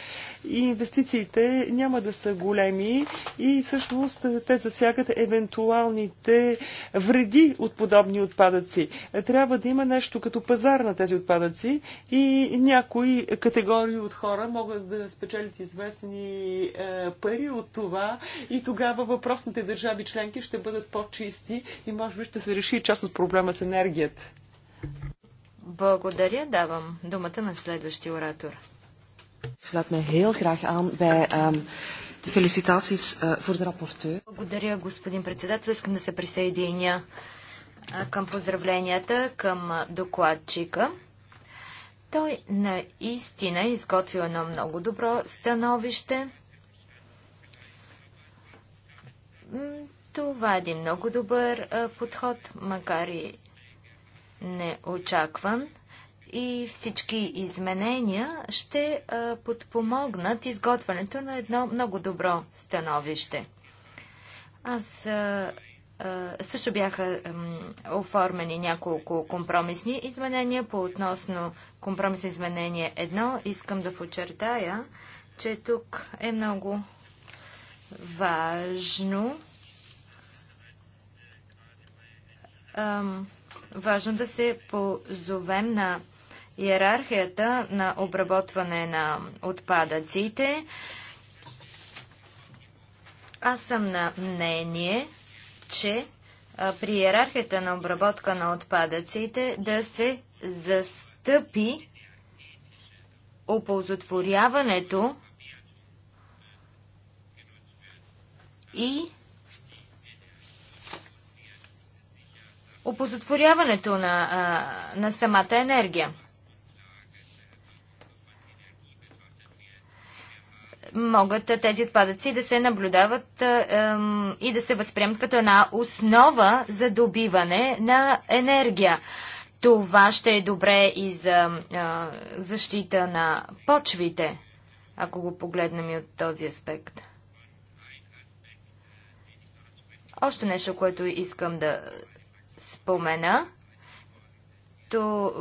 и инвестициите няма да са големи и всъщност е, те засягат евентуалните вреди от подобни отпадъци. Е, трябва да има нещо като пазар на тези отпадъци и някои категории от хора могат да спечелят известни пари от това и тогава въпросните държави членки ще бъдат по-чисти и може би ще се реши част от проблема с енергията.
Благодаря. Давам думата на следващия оратор.
Слад ме heel graag aan bij ehm, de felicitaties eh, voor de rapporteur.
Благодаря, господин председател. Искам да се присъединя към поздравленията към докладчика. Той наистина е изготвил едно много добро становище. Това е един много добър подход, макар и неочакван и всички изменения ще подпомогнат изготвянето на едно много добро становище. Аз също бяха оформени няколко компромисни изменения по относно компромисни изменения, едно Искам да подчертая, че тук е много важно важно да се позовем на иерархията на обработване на отпадъците. Аз съм на мнение, че при иерархията на обработка на отпадъците да се застъпи оползотворяването и опозотворяването на, на самата енергия. Могат тези отпадъци да се наблюдават ем, и да се възприемат като една основа за добиване на енергия. Това ще е добре и за е, защита на почвите, ако го погледнем и от този аспект. Още нещо, което искам да спомена, то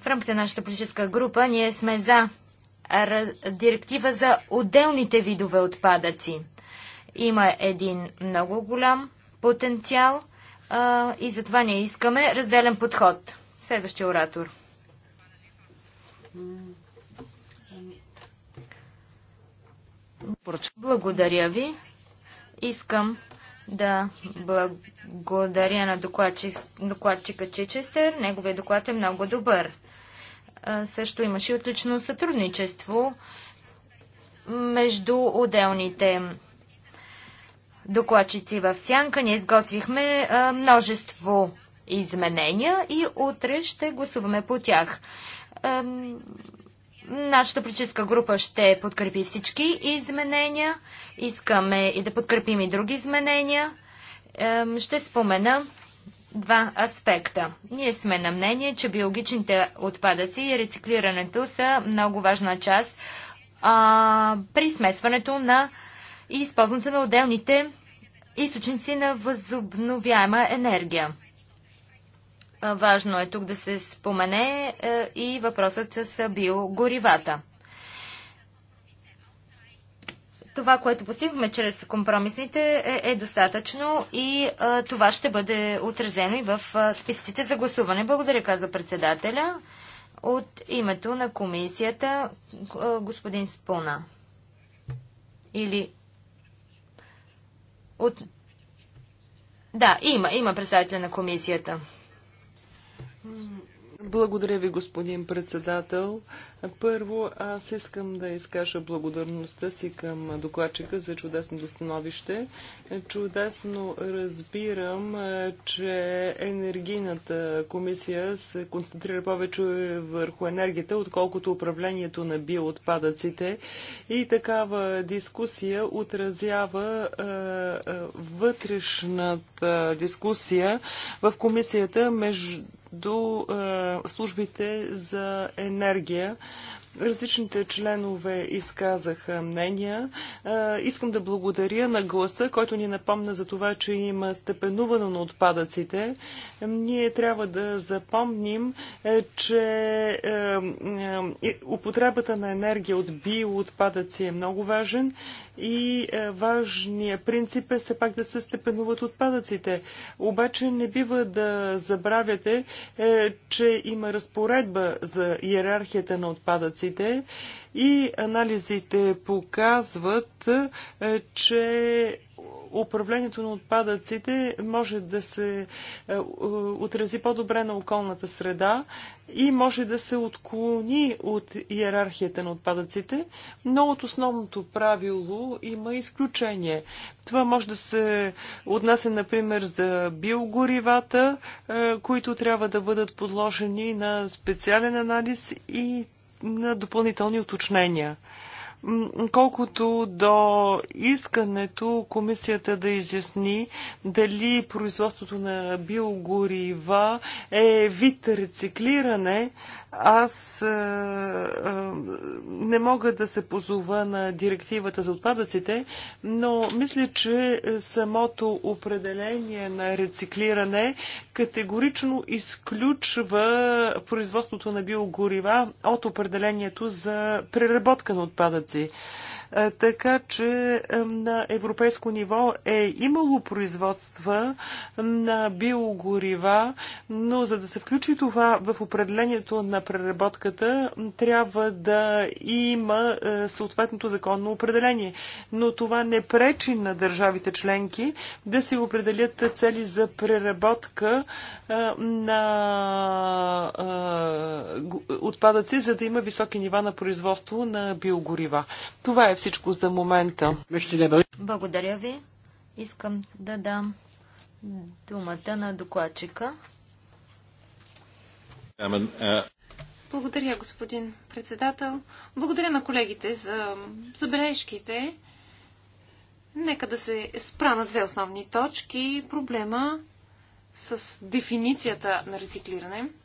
в рамките на нашата политическа група ние сме за директива за отделните видове отпадъци. Има един много голям потенциал а, и затова ние искаме разделен подход. Следващия оратор. Благодаря ви. Искам да благодаря на докладчик, докладчика Чичестър. Неговия доклад е много добър. също имаше отлично сътрудничество между отделните докладчици в Сянка. Ние изготвихме множество изменения и утре ще гласуваме по тях. Нашата политическа група ще подкрепи всички изменения. Искаме и да подкрепим и други изменения. Ще спомена два аспекта. Ние сме на мнение, че биологичните отпадъци и рециклирането са много важна част а, при смесването на и използването на отделните източници на възобновяема енергия. Важно е тук да се спомене е, и въпросът с биогоривата. Това, което постигнахме чрез компромисните е, е достатъчно и е, това ще бъде отразено и в е, списъците за гласуване. Благодаря, каза председателя. От името на комисията господин Спона. Или от... Да, има, има представител на комисията.
Благодаря ви, господин председател. Първо, аз искам да изкажа благодарността си към докладчика за чудесното становище. Чудесно разбирам, че енергийната комисия се концентрира повече върху енергията, отколкото управлението на биоотпадъците. И такава дискусия отразява е, е, вътрешната дискусия в комисията между до е, службите за енергия. Различните членове изказаха мнения. Е, искам да благодаря на гласа, който ни напомна за това, че има степенуване на отпадъците. Ние трябва да запомним, е, че употребата на енергия от биоотпадъци е много важен и е, важният принцип е все пак да се степенуват отпадъците. Обаче не бива да забравяте, е, че има разпоредба за иерархията на отпадъците и анализите показват, е, че управлението на отпадъците може да се е, отрази по-добре на околната среда и може да се отклони от иерархията на отпадъците, но от основното правило има изключение. Това може да се отнася, например, за биогоривата, е, които трябва да бъдат подложени на специален анализ и на допълнителни уточнения. Колкото до искането комисията да изясни дали производството на биогорива е вид рециклиране, аз е, е, не мога да се позова на директивата за отпадъците, но мисля, че самото определение на рециклиране категорично изключва производството на биогорива от определението за преработка на отпадъци. Е, така че е, на европейско ниво е имало производства на биогорива, но за да се включи това в определението на преработката, трябва да има е, съответното законно определение. Но това не пречи на държавите членки да си определят цели за преработка на отпадъци, за да има високи нива на производство на биогорива. Това е всичко за момента.
Благодаря ви. Искам да дам думата на докладчика.
Благодаря, господин председател. Благодаря на колегите за забележките. Нека да се спра на две основни точки. Проблема с дефиницията на рециклиране –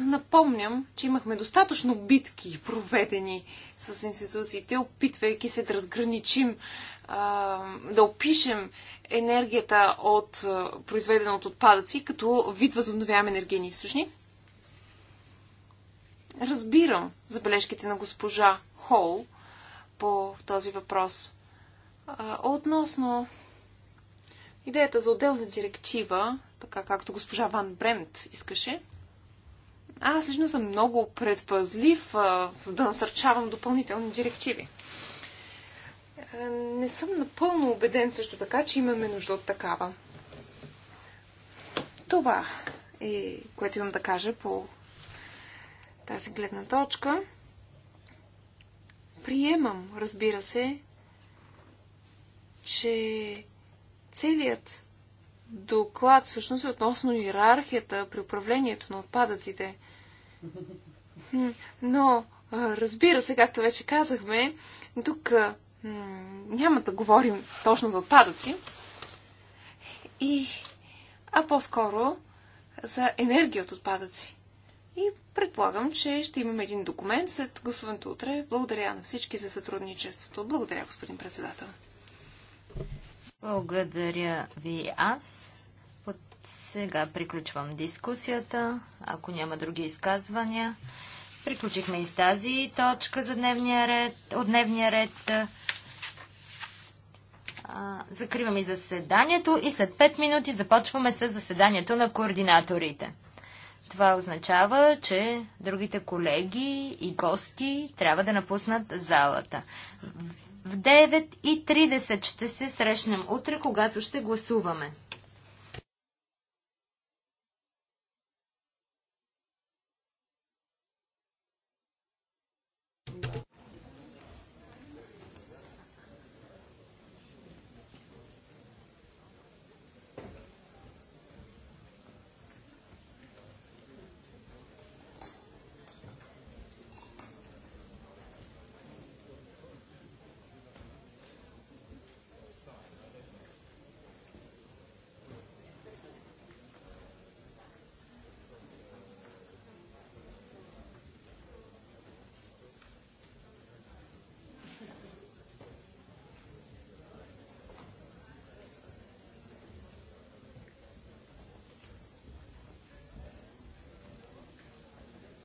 напомням, че имахме достатъчно битки, проведени с институциите, опитвайки се да разграничим, да опишем енергията от произведена от отпадъци като вид възобновяем енергийни източни. Разбирам забележките на госпожа Хол по този въпрос. Относно идеята за отделна директива, така както госпожа Ван Бремт искаше, аз лично съм много предпазлив а, да насърчавам допълнителни директиви. А, е, не съм напълно убеден също така, че имаме нужда от такава. Това е което имам да кажа по тази гледна точка. Приемам, разбира се, че целият доклад всъщност е относно иерархията при управлението на отпадъците. Но, разбира се, както вече казахме, тук няма да говорим точно за отпадъци, и, а по-скоро за енергия от отпадъци. И предполагам, че ще имаме един документ след гласуването утре. Благодаря на всички за сътрудничеството. Благодаря, господин председател.
Благодаря ви аз. Сега приключвам дискусията. Ако няма други изказвания, приключихме и с тази точка за дневния ред, от дневния ред. Закриваме заседанието и след 5 минути започваме с заседанието на координаторите. Това означава, че другите колеги и гости трябва да напуснат залата. В 9.30 ще се срещнем утре, когато ще гласуваме.